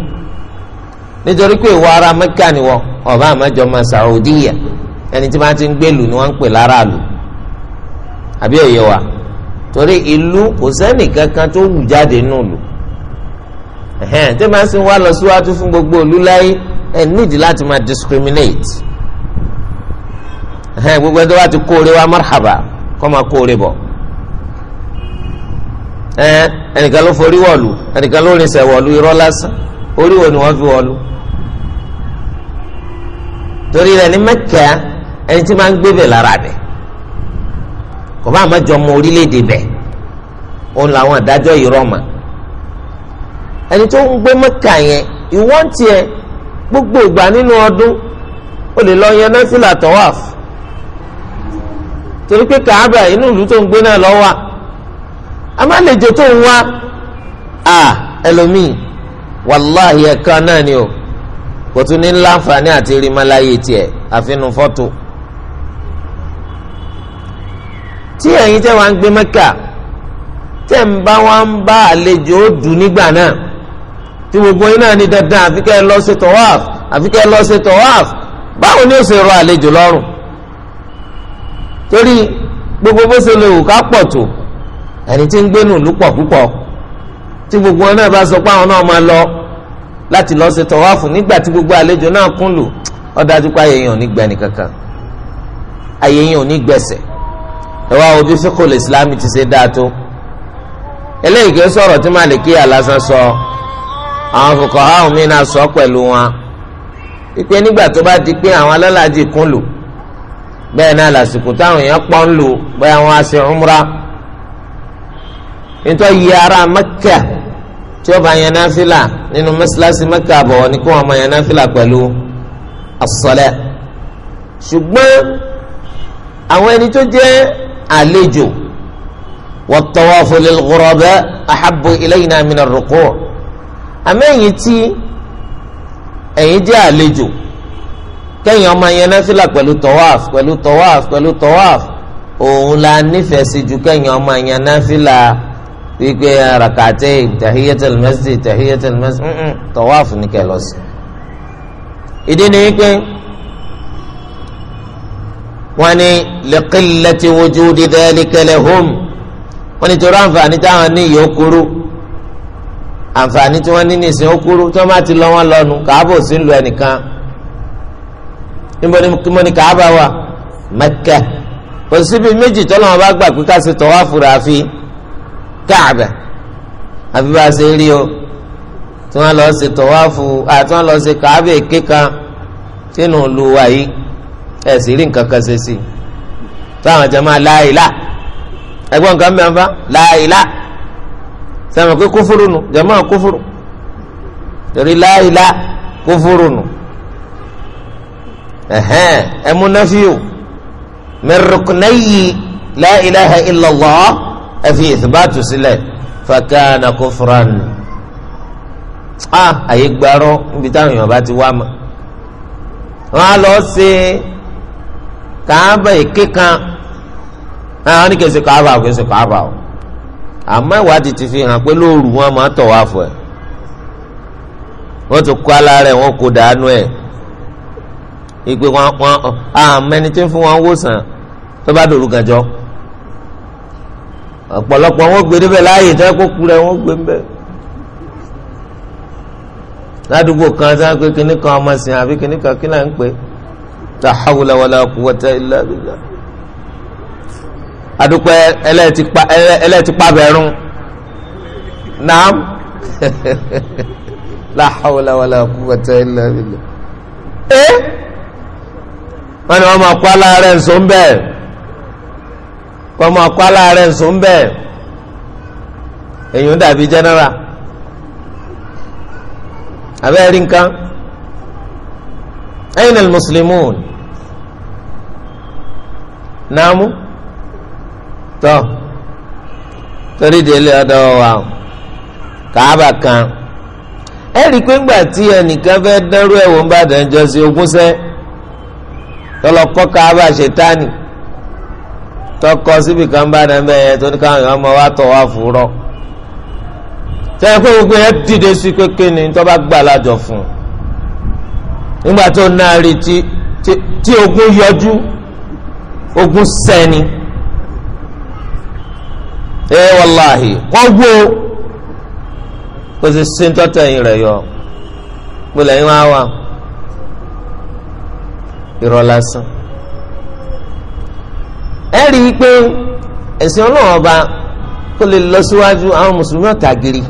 [SPEAKER 1] nítorí pé ìwọ ara mẹ́kà ni wọ́n ọ̀bá àmọ́jọ́ ọmọ Saudiya ẹni tí wọ́n ti ń gbèlú ni wọ́n ń pè lára lù àbí òye wa torí ìlú kò sẹ́nì kankan tó wù jáde nù lù ẹ̀hẹ́n tí máa ń sin wá lọ síwájú fún gbogbo ìlú láyé ẹ̀ nídìí láti máa discriminate ẹ̀hẹ́n gbogbo ẹ̀dọ́ wa ti kóore wa marhaba kọ́ máa kóore bọ̀ ẹ̀hẹ́n ẹnìkan ló forí wọ̀lú ẹnìkan ló rinṣẹ̀ wọ̀lú irọ́ lásán orí wo ni wọ́n fi wọ̀lú torí rẹ̀ ní Mẹ́kà ẹni tí máa ń gbébẹ̀ lára rẹ̀ kò bá àmọ́jọ mọ orílẹ̀-èdè bẹ̀ òun làwọn àdájọ́ yìí rọ̀mà ẹni tó ń gbé mẹ́kà yẹn ìwọ́n tiẹ̀ gbogbo ìgbà nínú ọdún ó lè lọ yẹn nọ́fìlà tọ́wáf torí pé kàábà inú ìlú tó ń gbé náà lọ wà amálejò tó ń wá à ẹlòmíì wàláhì ẹ̀ka náà ni o kò tún ní láǹfààní àti rímọ́láyé tiẹ̀ àfinú tí ẹ̀yin tẹ́ wá ń gbé mẹ́kà tẹ́ ń bá wá ń bá àlejò ó dùn nígbà náà tí gbogbo yín náà ní dandan àfi kẹ́ ẹ lọ ṣe tọ́wáf àfi kẹ́ ẹ lọ ṣe tọ́wáf báwo ni ó ṣe rọ àlejò lọ́rùn torí gbogbo bó ṣe lè wù ká pọ̀ tó ẹni tí ń gbénu ìlú pọ̀ púpọ̀ tí gbogbo wọn náà bá sọ pé àwọn náà máa lọ láti lọ ṣe tọ́wáfù nígbà tí gbogbo àlejò náà kún lù ó dájú pé àyè yẹn ò ní gbẹ nìkankan àyè yẹn ò ní gbẹsẹ̀ ẹ wá ojú fíkòlù ìsìlámù ti ṣe dáa tó eléyìí kì í sọ̀rọ̀ tí màlìkíyà lásán sọ àwọn fòkàn áhùn mi náà sọ pẹ̀lú wọn wípé nígbà tó bá di pé àwọn alálàájì kún lù bẹ́ẹ̀ náà lásìkò táwọn èèyàn pọ́n ń lù bẹ́ẹ̀ wọn á ṣe umra nítorí yí ara mẹ́kà tí ó bá yan náfìlà nínú mẹ́sàlásì mẹ́kà àbọ̀wọ̀ ni kó wọn máa yan náfìlà pẹ̀lú àsọlẹ̀ ṣùgbọ́n àwọn ẹni tó jẹ́ àlejò wat-tawafu lil-ghuraba ahabbu ilayna min ar-ruku' àmẹ́yìn tí ẹ̀yin jẹ́ àlejò kẹ́yìn ọmọ yẹn náfìlà pẹ̀lú tawaf pẹ̀lú tawaf pẹ̀lú tawaf òun la nífẹ̀ẹ́ sí ju kẹ́yìn ọmọ yẹn náfìlà wípé rakàtẹ́ tahiyatul masjid tahiyatul masjid tawaf ní kẹlọ́sì. ìdí ni wípé wọ́n ní liqillati wujudi dhalika lahum wọ́n ní torí àǹfààní táwọn ní yìí ó kúrú àǹfààní tí wọ́n ní nìsín ó kúrú tí wọ́n bá ti lọ wọ́n lọ́nu kàábò sí ń lu ẹnìkan níbo ni kàábà wà Mẹ́kà kò síbi méjì tọ́lọ́wọ́n bá gbà pé ká ṣe tọ́wá fura fi àfi bá a ṣe rí o tí wọ́n lọ́ọ́ ṣe tọ́wá fu àti wọ́n lọ́ọ́ ṣe kàábà èké sínú lu wa ẹ sì rí nǹkan kan ṣe sí i táwọn jẹ máa láìlá ẹgbọn nǹkan mẹ́rin fa láìlá sẹ́mi pé kúfúrú nu jẹ̀mọ́ kúfúrú torí láìlá kúfúrú nu ẹ̀hẹ́n ẹ̀múnáfíò mẹ́rùkúnáyì láìlá illallah ẹ̀fì ìsìbátù sílẹ̀ fàkànà kúfúrán a ah, àyè gbàrọ níbi táwọn èèyàn bá ti wá ma wọn á lọ ṣe kàába èké Ah, àwọn oníkèsè kàába ò kèsè kàába ò àmọ́ ìwádìí ti fi hàn pé lóòrù wọn máa tọ̀ wá fún ẹ wọ́n ti kó alára ẹ̀ wọ́n kó dànù ẹ̀ ìgbé wọn wọn àmọ́ ẹni tí ń fún wọn wòsàn tó bá dòrú gànjọ́ ọ̀pọ̀lọpọ̀ wọn gbé níbẹ̀ láàyè tó yẹ kó kú rẹ̀ wọ́n gbé níbẹ̀ ládùúgbò kan tí pé kíní ọmọ sìn àbí kíní kí náà ń pè é la hawla wala quwwata illa billah adúpẹ́ ẹlẹ́ẹ̀tì pabẹ́rún naam la hawla wala quwwata illa billah ẹ́ wọ́n ní wọ́n máa kọ́ aláàárẹ̀ nsọ́ ń bẹ́ẹ̀ wọ́n máa kọ́ aláàárẹ̀ nsọ́ ń bẹ́ẹ̀ èyí ń dàbí general abẹ́rẹ́ أين المسلمون؟ muslimun nàámú تريد torí délé ọ̀dọ̀ wa kàábà kan ẹ rí i pé ńgbà tí ẹnìkan fẹ́ dánrú ẹ̀wọ̀n bá dàn jọ sí ogún sẹ́ tọlọkọ kàábà ṣètánì tọkọ síbi kan bá dàn bẹ́ẹ̀ yẹn tó ní káwọn ọmọ wa tọ̀ wá fúrọ́ tẹ́ ẹ pé gbogbo ẹ dìde sí pé kéne tó bá gbà lájọ fún un nígbà tó náà rí tí tí ogun yọjú ogun sẹ́ni ẹ wàláhì wọ́n wó kò sì sí tọ́tẹ̀ yìí rẹ̀ yọ gbọ́dọ̀ yín wá wà irọ́ lásán ẹ rí i pé ẹ̀sìn ọlọ́run ọba kó lè lọ síwájú àwọn mùsùlùmí ọ̀tàgìrì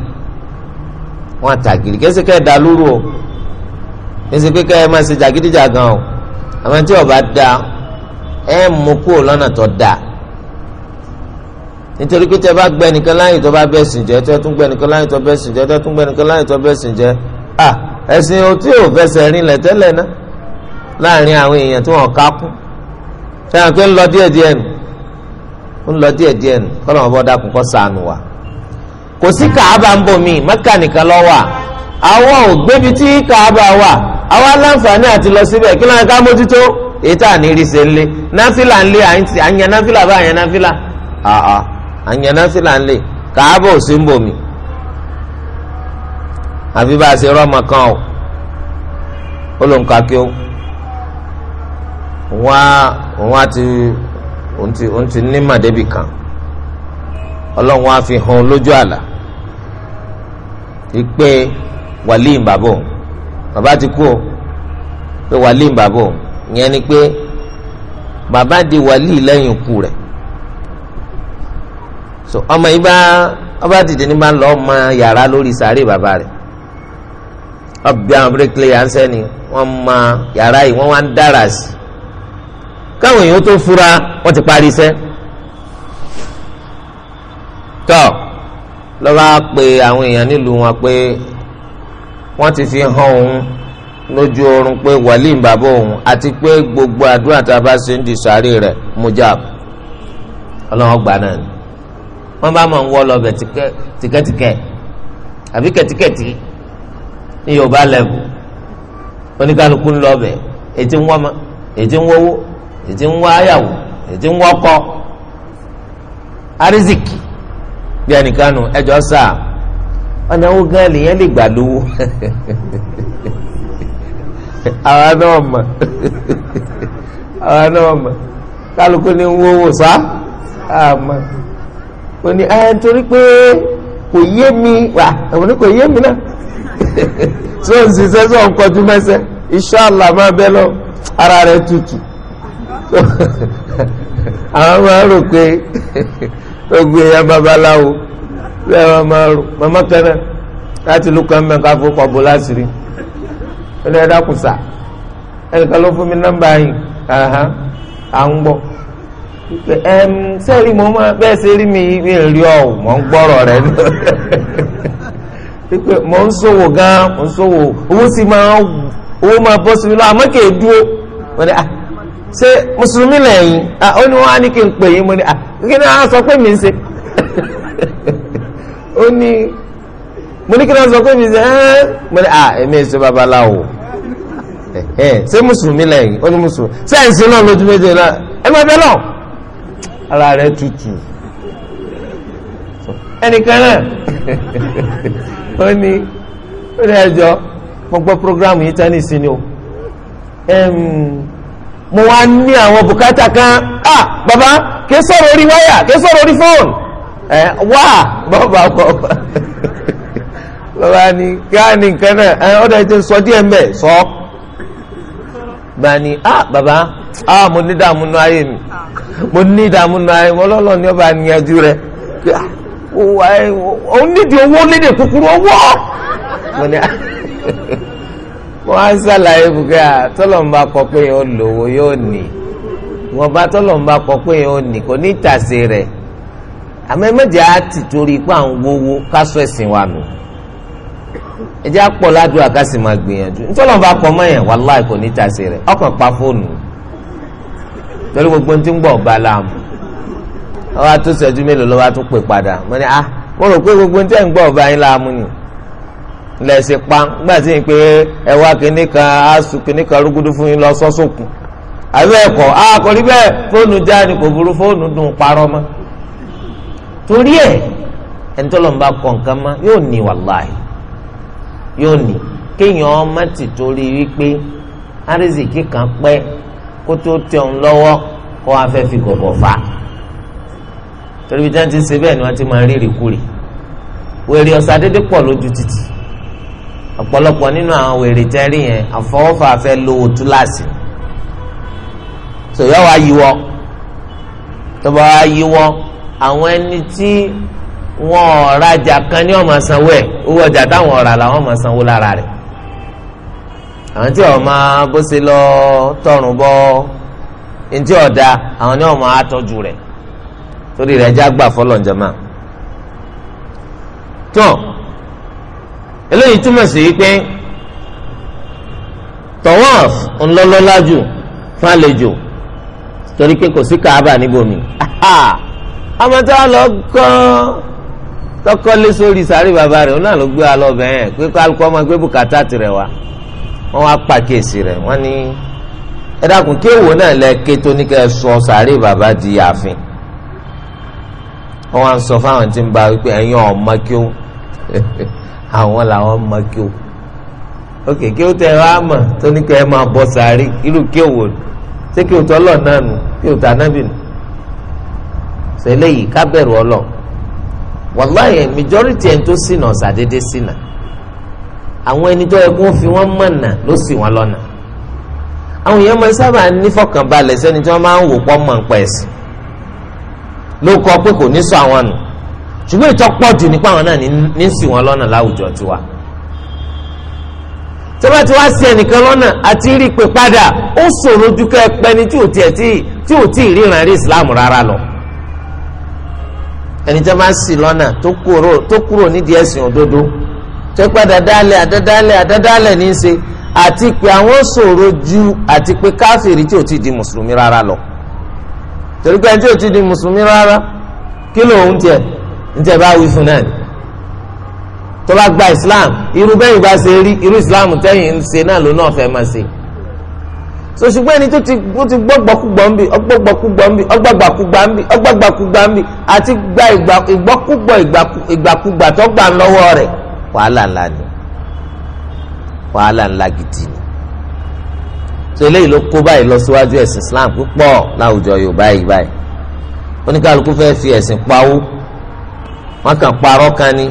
[SPEAKER 1] wọn àtàgìrì kẹsìkẹ́ dàlúrò èsì pé káyọ̀ máa ṣe jàgídíjàgan o àwọn tí ọba da ẹ mú kúrò lọ́nà tó da nítorí pé tẹ bá gbẹ nìkan láyìn tó bá bẹ̀ sìn jẹ́ tẹ tún gbẹ nìkan láyìn tó bẹ̀ sìn jẹ́ tẹ tún gbẹ nìkan láyìn tó bẹ̀ sìn jẹ́ à ẹ̀sìn o tí ò fẹsẹ̀ rinlẹ̀ tẹ́lẹ̀ náà láàrin àwọn èèyàn tí wọ́n ká kú sẹ́yìn pé ń lọ díẹ̀díẹ̀ nù ń lọ díẹ̀díẹ̀ nù kọ́lọ́mọbọ́dá kò kọ́ sànù wa kò sí kàábà ń bọ̀ mí mẹ́kà nìkan lọ́wọ́ à àwọn ò gbébi tí kàába wà àwa láǹfààní àti lọ síbẹ̀ kí lóun ká mójútó èyí tá à ní rí ṣe ńlé náfìlà àyàn náfìlà bá àyàn náfìlà àà àyàn náfìlà ńlé kàába ò sí ń bomi àfi bá a ṣe rọmọ kan o ó ló ń ka kí o wọn á wọn á ti òun ti òun ti ní màdébì kan ọlọ́run á fi hàn lójú àlà ìpè wàlíì bàbá òun bàbá ti kú o pé wàlíì bàbá ìyẹn ni pé bàbá di wàlíì lẹ́yìn ikú rẹ̀ so ọmọ yìí bá ọba dìde ní bá ń lọ ọmọ yàrá lórí sàárè bàbá rẹ̀ ọbẹ̀ àwọn bíríkìlẹ̀yà ń sẹ́ni wọ́n mọ yàrá yìí wọ́n wá ń dára sí káwọn èèyàn tó fura wọ́n ti parí iṣẹ́ tọ́ lọ́ba pe àwọn èèyàn nílùú wọn pé wọ́n ti fi hàn òun lójú oorun pé wàlí ń bàbá òun àti pé gbogbo àdúrà tá a bá ṣe ń di sàárè rẹ̀ mujab ọlọ́run wọ́n bá mọ̀ ń wọ́ lọ́bẹ̀ tìkẹ́tìkẹ́ àbí tike ní yorùbá lẹ́bù oníkálukú ń ètí ń wọ́mọ ètí ń wọ́wọ́ ètí ń wọ́ àyàwó ètí ń wọ́kọ́ bí ọ̀nà owó ni, lèyàn lè gbà lówó àwa náà mọ̀ àwa náà mọ̀ kálukú ni wọ́n wò sá àmọ́ kò ní ẹ torí pé kò yé mi wà àwọn ní kò yé mi náà tí ó ń ṣiṣẹ́ tí ó ń kọjú mẹ́sẹ́ inshallah máa bẹ́ lọ ara rẹ̀ tutù àwọn máa rò pé gbogbo èèyàn babaláwo lẹ́wọ̀n máa rò màmá kẹ́nẹ́ láti lù kàn mẹ́ka fún pàbó láṣìírí ẹni ẹ̀dá kùsà ẹnìkan ló fún mi nọ́mbà yìí à ń gbọ́ sẹ́ẹ̀rì mo máa bẹ́ẹ̀ ṣe rí mi mi ò rí ọ mọ̀ ń gbọ́rọ̀ rẹ ní pípẹ́ mọ̀ ń ṣòwò gan mọ̀ ń ṣòwò owó sì máa owó máa bọ́ sí mi lọ àmọ́ kì í dúró wọ́n ní ah ṣé mùsùlùmí lẹ́yìn ah ó ní wọ́n á ní kí n pè yín mo ní ah kí ni wọ́n á sọ pé mi ń ṣe. ó ní mo ní kí wọ́n sọ pé mi ṣe ẹ́ mo ní à èmi ṣe babaláwo ṣé mùsùlùmí lẹ́yìn ó ní mùsùlùmí sẹ́ǹsì náà lójú méje náà ẹ má bẹ́ẹ̀ lọ ara rẹ̀ tutù ẹnìkan náà ó ní ó ní ẹjọ́ mo gbọ́ programu yìí tán ní ìsinmi o mo wá ní àwọn bùkátà kan ah baba kì í sọ̀rọ̀ orí wáyà kì í sọ̀rọ̀ orí fóònù. ẹ wá bọ́ọ̀bà bọ̀ lọ́ba ni káàní nǹkan náà ẹ ọ́ ti sọ díẹ̀ mbẹ́ sọ bani a ah, baba ah mo ní dààmú nù ayé mi mo ní dààmú nù ayé mi ọlọ́lọ́ ni ọba níyanjú rẹ òun owó lédè kúkúrú owó wọ́n á bùkẹ́ à kọ pé yóò nì wọ́n bá kọ pé nì kò ní tàsé rẹ̀ àmọ́ ẹ a á ti torí pé à ń wowó ká sọ ẹ̀sìn wa nù ẹ jẹ́ àpọ̀ ládùúgbò ká máa gbìyànjú nítorí wọn bá kọ́ mọ́ yẹn ní tàṣe rẹ̀ ọkàn pa fóònù torí gbogbo ti ń bọ̀ ọba láàmú ọba tó mélòó lọ́wọ́ pè padà mo ní ah mo rò gbogbo ń gbọ́ yín láàmú ni lẹ́sẹ̀ pa nígbà tí pé rúgudu fún yín lọ sọ́sọ́kù àbẹ́ ẹ̀kọ́ ah kò rí bẹ́ẹ̀ fóònù já ni kò burú fóònù torí ẹ̀ ẹni tó lọ́nba kọ̀ nǹkan mọ́ yóò ní wàláhì yóò ní kéèyàn ọmọ ti torí wípé àrísìkí kan pẹ́ kó tó tẹ̀ ń lọ́wọ́ kó wá fẹ́ fi gọ̀gọ̀ fà torí bí jáde ṣe bẹ́ẹ̀ ni wọ́n ti máa rí ìrìkúrì wèrè ọ̀sà dédé pọ̀ lójú títì ọ̀pọ̀lọpọ̀ nínú àwọn wèrè tẹ́rí yẹn àfọwọ́fà fẹ́ lówó túláàsì sòyọ́ wa yíwọ́ tó bá yíwọ́ àwọn ẹni tí wọn ọ̀rajà kan ní ọmọ sanwó ẹ̀ owó ọjà táwọn ọ̀rà làwọn ọmọ sanwó lára rẹ̀ àwọn tí ọmọ bó ṣe lọ tọrùn bọ ntí ọ̀dà àwọn ní ọmọ atọ́jú rẹ̀ torí rẹ̀ já gbà fọlọ́ njọ́mọ́ tó eléyìí túmọ̀ sí wípé tọ́wọ́f ńlọ́lọ́lájú fún àlejò torí pé kò sí Káàbà níbòmí ọmọ tá a lọ kàn tọkọ lé sórí sáré bàbá rẹ̀ òun náà ló gbé alọ bẹ́ẹ̀ pé kálukọ ọmọ gbé bùkátà tirẹ̀ wá wọ́n wá pàkíyèsí rẹ̀ wọ́n ní ẹ dákun kí èèwọ̀ náà lẹ ké tó ní kẹ́ sọ sáré bàbá di ààfin wọ́n wá ń sọ fáwọn tí ń ba wípé ẹ̀yin ọmọ kí ó àwọn làwọn mọ kí ó ok kí ó tẹ wá mọ tó ní kẹ́ ẹ máa bọ sáré irú kí èèwọ̀ ṣé kí ó tọ́ lọ náà nù kí ó tà nábì nù sẹ́lẹ̀ yìí ká bẹ̀rù ọlọ́run wàláyé majority ẹni tó ṣìnà ṣàdédé ṣìnà àwọn ẹni tó yẹ kó fi wọ́n mọ̀nà ló ṣì wọ́n lọ́nà àwọn èèyàn máa ń sábà nífọ̀kànbalẹ̀ sẹ́ni tí wọ́n máa ń wò pọ́ mọ̀ ń pẹ̀ sí ló kọ pé kò ní sọ àwọn nù ṣùgbọ́n ìtọ́ pọ̀ jù nípa àwọn náà ní ṣì wọ́n lọ́nà láwùjọ tiwa tọ́ba tí wàá sí ẹnìkan lọ́nà àti rí i pé padà ó ṣòro dúkẹ́ pẹ́ni tí ò tí ì ríran rí Islam rárá lọ ẹni tó máa ń ṣì lọ́nà tó kúrò nídìí ẹ̀sìn òdodo tó pẹ́ àdádálẹ̀ àdádálẹ̀ àdádálẹ̀ ní í ṣe àti pé àwọn sọ̀rọ̀ ju àti pé káfíìrì tí ò ti di mùsùlùmí rárá lọ torí pé ẹni tí ò ti di mùsùlùmí rárá kí lòun tiẹ̀ ní tiẹ̀ bá wí fún náà tó bá gba islam irú bẹ́yìn bá ṣe rí irú islam tẹ́yìn ń ṣe náà ló náà fẹ́ máa ṣe so ṣùgbọ́n ẹni tó ti gbọ́gbọ́kúgbọ́ ń bì ọgbọ́gbọ́kúgbọ́ ń bì ọgbàgbàkúgbà ń bì ọgbàgbàkúgbà ń bì àti gba ìgbọ́kúgbọ́ ìgbàkúgbà tó gbà lọ́wọ́ rẹ̀ wàhálà ńlá ni wàhálà ńlá gidi ni so eléyìí ló kó báyìí lọ síwájú ẹ̀sìn Islam púpọ̀ láwùjọ Yorùbá yìí báyìí oníkàlùkù fẹ́ fi ẹ̀sìn pawó wọn kàn parọ́ kan ni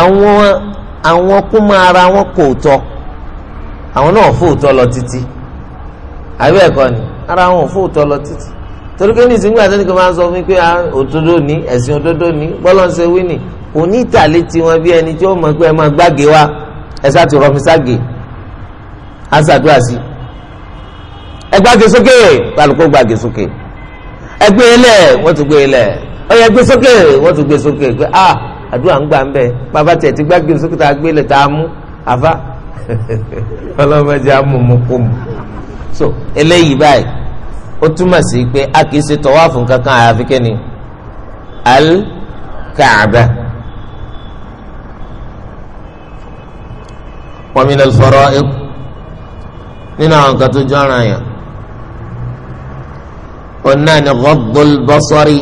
[SPEAKER 1] àwọn àwọn kó ara ra wọn kò tọ́ àwọn náà fòótọ́ lọ títí àbí ẹ̀kọ́ ni ara wọn ò fún òótọ́ lọ títí torí pé nísìnyí gbà sẹ́ni kan máa ń sọ fún mi pé ah, òdodo ní ẹ̀sìn òdodo ní bọ́lá ń ṣe wí nì kò ní ìtàlẹ́ tiwọn bí ẹni tí ó mọ̀ pé ẹ máa gbàgé wa ẹ sá ti rọmi ságè á ṣàdúrà sí ẹ gbàgé sókè kálukó gbàgé sókè ẹ gbé e lẹ̀ wọ́n ti gbé e lẹ̀ ó yẹ gbé sókè wọ́n ti gbé sókè pé a ah, àdúrà ń gbà ń bẹ̀ bàbá tẹ̀ ti gbàgé sókè tá a gbé lẹ̀ tá a mú àfa ọlọ́mọdé á mú mú kó mu so eléyìí báyìí ó túmọ̀ sí pé a kì í ṣe tọ́wáfù kankan àyàfi kẹ́ni al-Kaaba. wa min al-fara'id nínú àwọn kan tó jọra yàn ọ̀nà ni ghaddul basari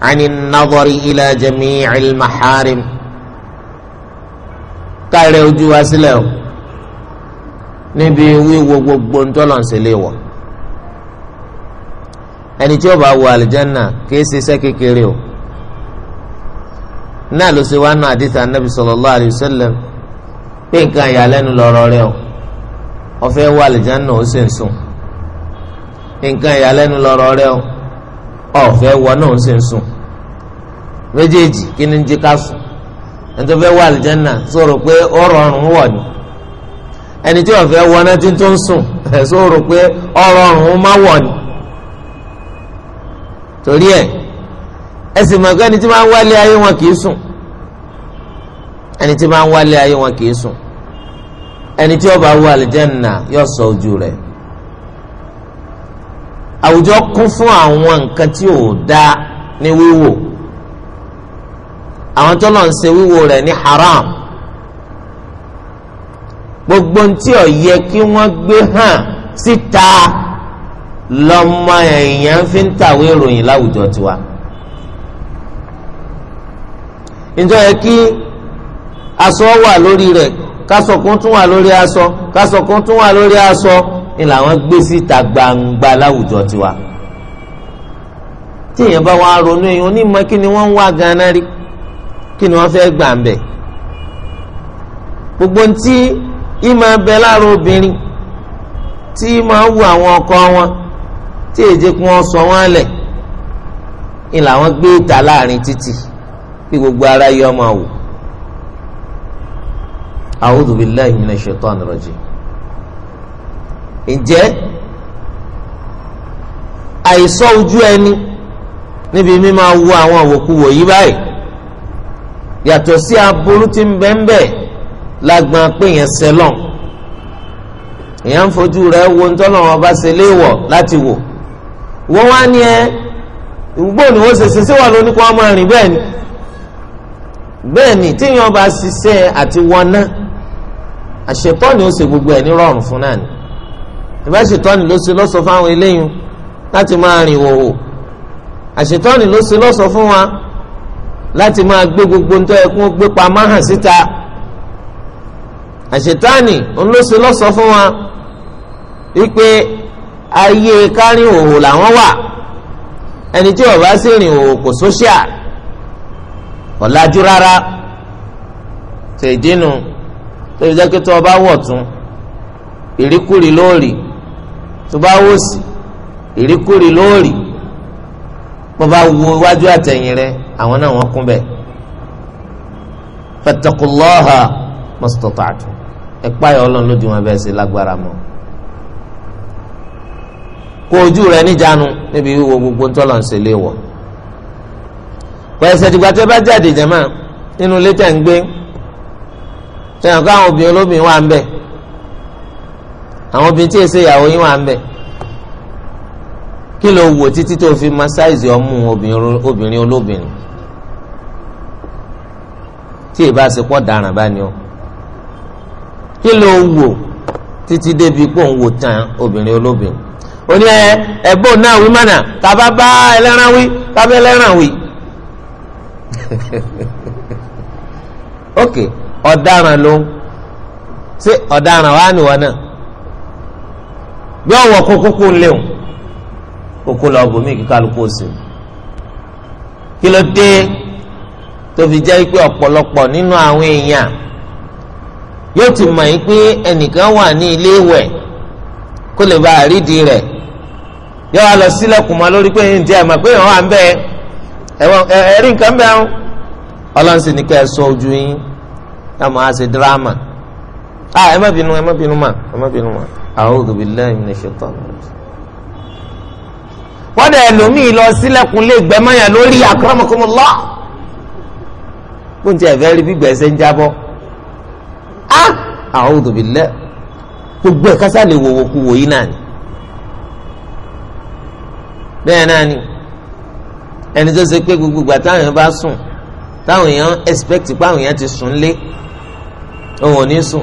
[SPEAKER 1] ani nadari ila jami'il maharim káàrẹ̀ ojú wa sílẹ̀ o níbi wíwo gbogbo ntọ́lọ̀ ńsẹ̀lẹ̀ wọ̀ ẹni tí ó bá wọ àlìjánà kìí ṣe iṣẹ́ kékeré o náà ló ṣe wá náà àdìsá anábì sallallahu alayhi wa sallam pé nǹkan ìyàlẹ́nu lọ́rọ̀ rẹ o ó fẹ́ wọ àlìjánà ó sì ń sùn nǹkan ìyàlẹ́nu lọ́rọ̀ rẹ o ó fẹ́ wọ náà ó sì ń sùn méjèèjì kí ni ń jí ká sùn ẹni tó fẹ́ wọ àlìjánà sọ̀rọ̀ pé ó rọrùn wọ̀ ni ẹni tí ọ̀fẹ́ wọná tí tó ń sùn ẹ̀sùn rò pé ọ̀rọ̀ ọ̀run má wọ̀ ni torí ẹ̀ ẹ sì mọ̀ pé ẹni tí máa ń wálé ayé wọn kì í sùn ẹni tí máa ń wálé ayé wọn kì í sùn ẹni tí ó wọ àlìjẹ́nà yóò sọ ojú rẹ̀ àwùjọ kún fún àwọn nǹkan tí ò dáa ní wíwò àwọn tó lọ ń ṣe wíwò rẹ̀ ní haram gbogbo ntí ó yẹ kí wọ́n gbé hàn síta lọ́mọ èèyàn fi ń tàwé ìròyìn láwùjọ tiwa ǹjọ́ yẹ kí aṣọ wà lórí rẹ̀ kásọkún tún wà lórí aṣọ kásọkún tún wà lórí aṣọ ni làwọn gbé síta gbangba láwùjọ tiwa tí èèyàn bá wà ronú èèyàn onímọ̀ kí ni wọ́n ń wá ganan rí kí ni wọ́n fẹ́ gbà ń bẹ̀ gbogbo ntí ìmọ̀ ẹbẹ láàrin obìnrin tí máa wù àwọn ọkọ wọn tí èjè kí wọ́n sọ wọ́n lẹ̀ ni làwọn gbé ìta láàrin títì bí gbogbo ara yọ ọmọ wò. A'udhu billahi minash shaitani rajim. ǹjẹ́ àìsọ ojú ẹni níbi mímáa wo àwọn àwòkúwò yìí báyìí yàtọ̀ sí aburú tí ń bẹ́ẹ̀ bẹ́ẹ̀ lágbọn pé yẹn sẹlọ̀n èèyàn ń fojú rẹ̀ wo ntọ́nà ọba ṣe léèwọ̀ láti wò wọ́n wá ní ẹ ìgbó ni wọ́n ṣe ṣe síwà lóní kó wọ́n máa rìn bẹ́ẹ̀ ni bẹ́ẹ̀ ni tíyẹn ọba ṣiṣẹ́ àti wọná àṣetọ́ni ó ṣe gbogbo ẹ̀ ní rọrùn fún náà ni ìbá ṣetọ́ni ló ṣe lọ́sọ fáwọn eléyìí láti máa rìn wòwò àṣetọ́ni ló ṣe lọ́sọ fún wa láti máa gbé gbogbo ntọ́ ẹ̀kún gbé pamọ́ hàn síta àṣetáàní ńlọsẹ lọsọ fún wa wípé ayé kárìn òhò làwọn wà ẹni tí ó bá sì rìn òhò kò sóṣíà kò lajú rárá tèdínú tó fi jẹ́ pé tó o bá wọ̀ tún ìríkúri lóòrì tó bá wò sí ìríkúri lóòrì bó bá wo iwájú àtẹ̀yìn rẹ àwọn náà wọ́n kún bẹ́ẹ̀ fattaqullaha mastata'tum ẹ̀pá yọ ọlọ́run lóde wọn bẹ́ẹ̀ ṣe lágbára mọ́ kó ojú rẹ níjànú níbi wíwo gbogbo ńtọ́lọ̀ ń ṣe léwọ̀ pẹ̀sẹ̀ tìgbà tẹ́ bá jáde jẹ̀mọ́ nínú ilé tẹ̀ ń gbé sẹ́yìn kó àwọn obìnrin olóbìnrin wà ń bẹ̀ àwọn obìnrin tí èsè ìyàwó yín wà ń bẹ̀ kí ló wò títí tó fi máa ṣáìsì ọmú obìnrin olóbìnrin tí ì bá ṣe pọ̀ dáràn bá ní o. kí ló wò títí débi pò ń wò tán obìnrin olóbìnrin oní ẹ ẹ̀gbọ́n náà wí mọnà tàbá bá ẹlẹ́ran wí tàbá ẹlẹ́ran wí. ok ọ̀daràn ló ń ṣe ọ̀daràn wa ni wọn náà bí ọ̀wọ̀ kókókó léwu kókó lọ bòmí kíkálukú òsì kí ló dé tó fi jẹ́ pé ọ̀pọ̀lọpọ̀ nínú àwọn èèyàn yóò ti mọ̀ yín pé ẹnìkan wà ní ilé ìwẹ̀ kó lè bá àrídìí rẹ̀ yọ wá lọ sílẹ̀kùn mọ́ lórí pé ẹ̀yìn tí a pé ìwọ̀n wà ń bẹ ẹ̀rí nǹkan bẹ́ẹ̀ ń ọlọ́run sì ní kẹ́ ẹ sọ ojú yín ẹ mọ̀ á ṣe dírámà ẹ má bínú ẹ má bínú mà ẹ má bínú á ah, a'udhu billah gbogbo ẹ̀ kásá lè wòwò kú wòyí náà ni bẹ́ẹ̀ náà ni ẹni tó ṣe pé gbogbo ìgbà táwọn èèyàn bá sùn táwọn èèyàn expect pé àwọn èèyàn ti sùn lé òun ò ní sùn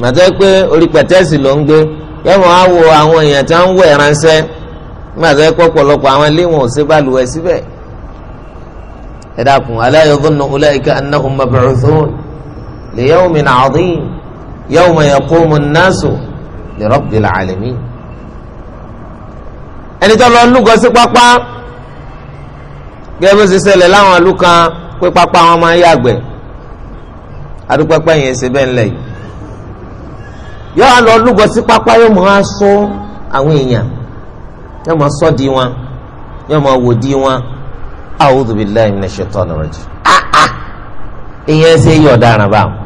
[SPEAKER 1] màtọ́ pé orí pẹ̀tẹ́sì ló ń gbé yẹ́wọ̀n á wo àwọn èèyàn tí wọ́n ń wẹ̀ ránṣẹ́ màtọ́ pé ọ̀pọ̀lọpọ̀ àwọn ilé wọn ò ṣe bàlùwẹ̀ síbẹ̀ ẹ dákun ala yadhunnu ulaika annahum mab'uthun ليوم عظيم يوم يقوم الناس لرب العالمين ẹni tó lọ lúgọ sí pápá gẹ́gẹ́ bó ṣe ṣẹlẹ̀ láwọn ìlú kan pé pápá wọn máa ń yàgbẹ́ adúpẹ́pẹ́ yẹn ṣe bẹ́ẹ̀ ńlẹ̀ yìí yóò lọ lúgọ sí pápá yóò máa sọ àwọn èèyàn yóò máa sọ di wọn yóò máa wò di wọn a'udhu billahi minash shaitani rajim èèyàn ah, ah! ṣe yọ̀ ọ̀daràn báwọn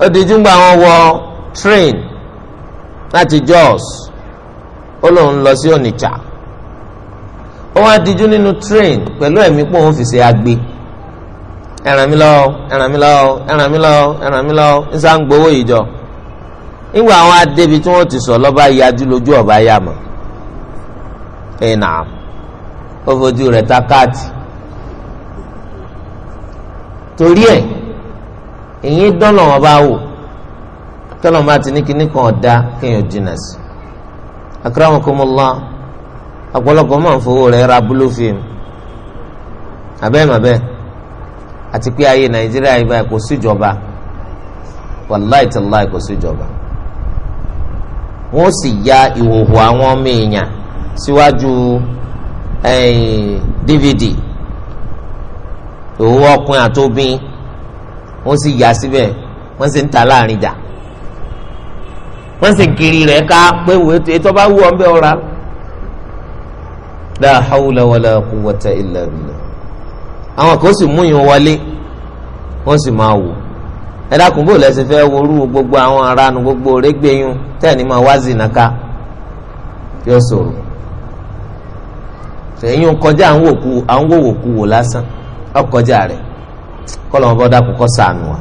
[SPEAKER 1] ó di júgbà wọn wọ train láti Jos ó lóun lọ sí Onitsha ó wá dijú nínú train pẹ̀lú ẹ̀mí pò ń fi ṣe agbe ẹ̀ràn mi lọ́wọ́ ẹ̀ràn mi lọ́wọ́ ẹ̀ràn mi lọ́wọ́ ẹ̀ràn mi lọ́wọ́ ń sá ń gbowó yìí jọ nígbà àwọn adébi tí wọ́n ti sọ lọ́ba yajú lójú ọ̀bá yà mọ́ ẹ̀ ó fojú rẹ̀ ta torí ẹ̀ èyí dọ́lọ̀ wọn bá wò tọ́lọ̀ máa ti ní kíní kan ọ̀dá kéèyàn jìnnà sí akramakumullah ọ̀pọ̀lọpọ̀ máa ń fowó rẹ̀ ra búlú fíìmù abẹ́màbẹ́ àti pé ayé nàìjíríà yìí báyìí kò síjọba wàláì tàláì kò síjọba wọ́n sì ya ìhòòhò àwọn ọmọ èèyàn síwájú dvd ìhòòhò ọkùnrin àtòbìn wọ́n sì yà síbẹ̀ wọ́n sì ń ta láàrin jà wọ́n sì kiri rẹ̀ ká pé ètò bá wù ọ́ ń bẹ́ ọ̀ra. la àwọn kò sì si wọlé wọ́n sì máa wò ẹ dákun bó gbogbo àwọn aránu gbogbo rẹ́gbẹ̀yún tẹ́ẹ̀ máa wá zìnnà ká yóò sọ̀rọ̀ sẹ́yìn kọjá àwọn òkú wò kọlọ̀ wọn bọ́ kọ́ wa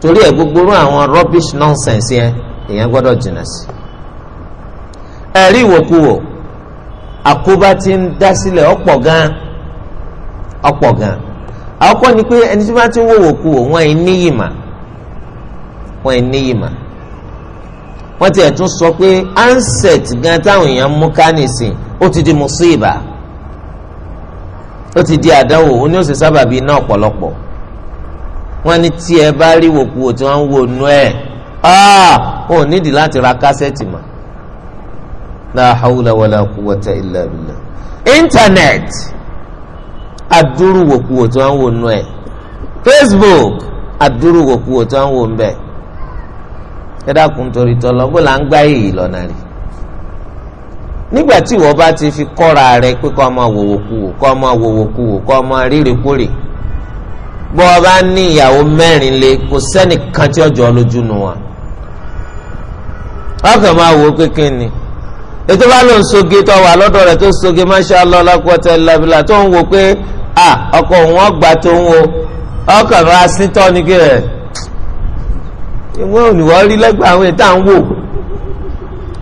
[SPEAKER 1] torí ẹ̀ gbogbo rú àwọn rubbish nonsense yẹn èèyàn gbọ́dọ̀ jìnnà sí. ẹ̀rí ìwòkuwò ti ń dá sílẹ̀ ọ̀pọ̀ gan-an ọ̀pọ̀ gan-an àkọ́kọ́ ni pé ẹni tí wọ́n ti ń wòwò wọ́n ẹ̀ níyì mà wọ́n ẹ̀ níyì mà sọ pé ansẹ̀t gan táwọn èèyàn mú ó ti di ó di àdánwò ó ní ó sì sábàbí iná wọ́n ní tí ẹ bá rí wòkuwò tí wọ́n ń wò nú ẹ̀ ò ah! nídìí láti ra kásẹ̀tì mọ́ la hawla wala quwwata illa billah adúrú tí ń facebook adúrú wòkuwò tí wọ́n ń wò ń ẹ dákun torí bó la ń gbá èyí lọ́nà rí nígbà tí ìwọ bá ti fi kọ́ra rẹ pé kọ́ ọmọ wòwòkuwò kọ́ ọmọ wòwòkuwò kọ́ bọ́ ọ bá ní ìyàwó mẹ́rin lé kò sẹ́ni sẹ́nìkan tí ọjọ́ lójú nu wa ọkàn máa wò ó pé kí ni ètò bá ló ń soge tó wà lọ́dọ̀ rẹ̀ tó soge masha Allah la quwata tó ń wò pé à ọkọ òun ọgbà tó ń wo ọkàn rà síntọ́ ni kí rẹ̀ ìwé òníwọ́ rí lẹ́gbẹ̀ẹ́ àwọn ètò à ń wò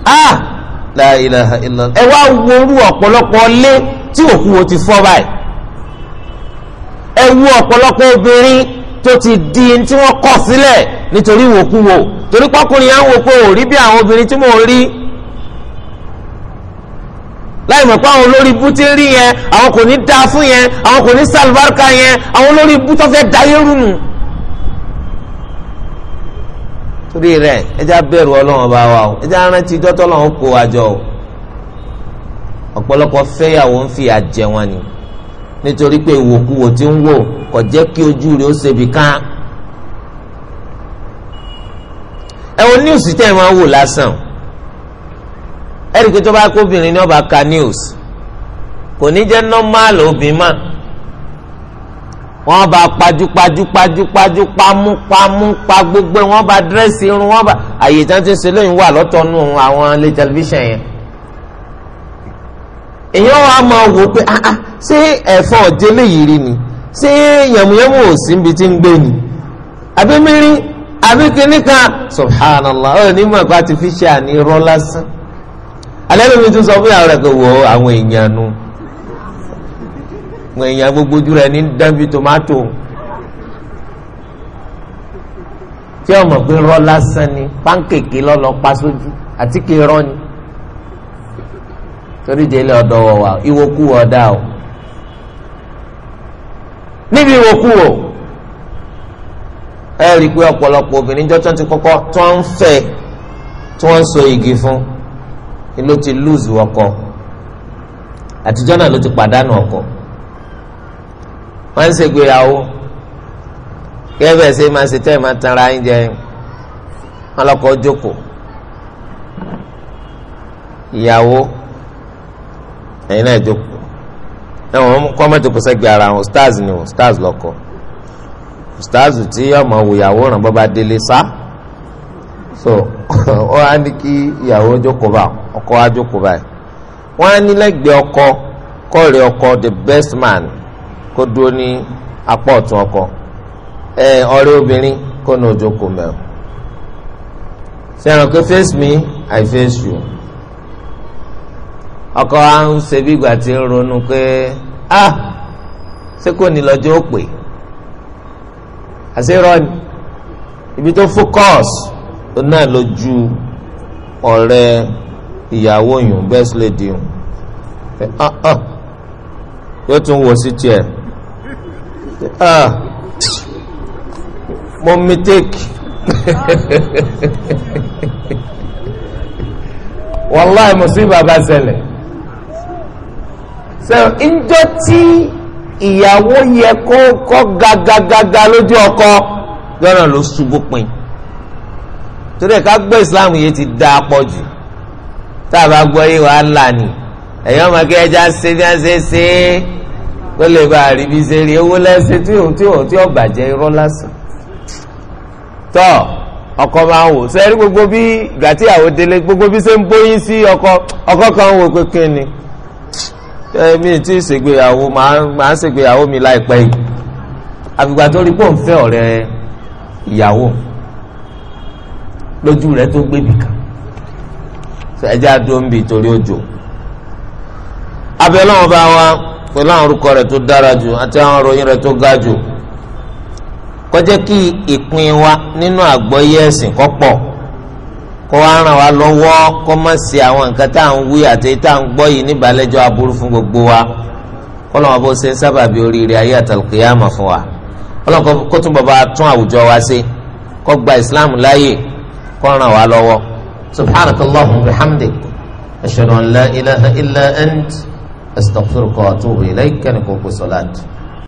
[SPEAKER 1] à la ilaha illallah ẹ wá wo orú ọ̀pọ̀lọpọ̀ lé tí òkú wo ti fọ́ báyìí. ẹ wú ọ̀pọ̀lọpọ̀ obìnrin tó ti di tí wọ́n kọ̀ sílẹ̀ nítorí ìwòkuwò torí pọ́kùnrin yẹn ń wò pé ò rí bí àwọn obìnrin tí mò ń rí láì mọ̀ pé àwọn olórí ibú ti ń rí yẹn àwọn kò ní dáa fún yẹn àwọn kò ní sàlùbáríkà yẹn àwọn olórí ibú tó fẹ́ dáyé rúnù. torí rẹ̀ ẹja bẹ̀rù Ọlọ́run ọba wa o ẹja rántí dọ́tọ́ lọ́wọ́ kó wa o ọ̀pọ̀lọpọ̀ fẹ́yàwó ń fi àjẹ wọn ni nítorí pé ìwòkuwò tí ń wò kò jẹ́ kí ojú rẹ̀ ó ṣebí kán. ẹ wo tẹ́ ẹ máa wò lásán ẹ pé tó bá kó obìnrin ní ọba ka news kò ní jẹ́ nọ́màlì obìnrin mọ́ wọ́n bá pajúpajúpajúpajú pamú pamú pa gbogbo wọ́n bá dírẹ́sì irun wọ́n bá àyè tí wọ́n ti ń ṣe lóyún wà lọ́tọ̀ àwọn ilé tẹlifíṣàn yẹn èèyàn wa máa wò pé ah, ah ṣé ẹ̀fọn ọ̀jẹ̀ léyìí rí ni ṣé yàmùyàmù ò sí ibi tí ń gbé ni àbí mírí àbí kíní kan subhanallah ó ní mọ̀ pé artificial ní irọ́ lásán alẹ́ mi tún sọ fún yàrá rẹ̀ pé wò ó àwọn èèyàn nu àwọn èèyàn gbogbo ojú rẹ̀ ní dábì tòmátò tí ọmọ pé irọ́ lásán ni pánkèké lọ́lọ́ pa sójú àti kí irọ́ ni torí délé ọ̀dọ̀ wọ̀ wá ìwòkú ọ̀dà o níbi ìwòkú o ẹ rí i pé ọ̀pọ̀lọpọ̀ obìnrin jọ́tọ́ ti kọ́kọ́ tó ń fẹ́ tí wọ́n ń so igi fún ni ló ti lùzù ọkọ àtijọ́ náà ló ti pàdánù ọkọ wọ́n ń ṣègbéyàwó kẹ́fẹ́ ṣe máa ṣe tẹ́ máa tanra ń jẹ wọn jókòó ìyàwó ẹ̀yin náà jókòó ẹ̀wọ̀n kọ́mẹ́tì kò sẹ́gbẹ̀ẹ́ ara wọn stars ni wọn stars lọ́kọ̀ stars tí ọmọ wòyàwó ràn bọ́ bá délé sá so ó wá ní kí ìyàwó jókòó bá ọkọ wá jókòó báyìí wọ́n á ní lẹ́gbẹ̀ẹ́ ọkọ kọ́ọ̀rẹ́ ọkọ the best man kó dúró ní apá ọ̀tún ọkọ ẹ ọ̀rẹ́ obìnrin kó ní ojókòó mẹ́rin fẹ́ràn pé face me i face you ọkọ à ń ṣe bí ìgbà tí ń ronú pé a ah, ṣé kò ní lọ́jọ́ ó pè àṣírọ́ ni ibi tó focus náà lójú ọ̀rẹ́ ìyàwó yùn best lady yùn ah, ah, yóò tún wò sí tiẹ̀ mo mistake wàláì mo sí bàbá ṣẹlẹ̀ ṣe ńjọ́ tí ìyàwó yẹ kó kọ́ gagagaga lójú ọkọ lọ́nà ló ṣubú pin torí ẹ̀ka gbọ́ islam yìí ti da pọ̀ jù tá a bá gbọ́ yìí wàá là ní ẹ̀yọ́ ọmọ kí ẹja ṣe bí wọ́n ṣe ṣe é kó lè bá a rí bí ṣe rí owó lẹ́sẹ̀ tí òun tí òun tí òun bàjẹ́ irọ́ lásán tọ́ ọkọ máa ń wò ṣe rí gbogbo bí gàtí àwọn délé gbogbo bí ṣe ń bóyin sí ọkọ ọkọ kan wò pé kí ni èmi tí ṣègbéyàwó màá ṣègbéyàwó mi láìpẹ́ yìí àgbègbè tó rí pọ̀ fẹ́ ọ̀rẹ́ ìyàwó lójú rẹ tó gbébì kan ẹja dúró torí òjò abẹ́ bá wa pẹ̀lú àwọn orúkọ tó dára jù àti àwọn tó ga jù kí ìpín wa nínú ẹ̀sìn pọ̀ kó wá ràn wá lọ́wọ́ kó má ṣe àwọn nǹkan tá à ń wí àti tá à ń gbọ́ yìí níbàlẹ́jọ́ aburú fún gbogbo wa kọ́lọ́wọ́ bó ṣe ń sábàbí oríire ayé àtàlùkìyàmà fún wa kọ́lọ́wọ́ kó tún bàbá tún àwùjọ wa ṣe kó gba ìsìláàmù láàyè kó ràn wá lọ́wọ́ subhanakallahu wa bihamdik ashhadu an la ilaha illa ant astaghfiruka wa atubu ilayka ní kókó sọ́láàtì.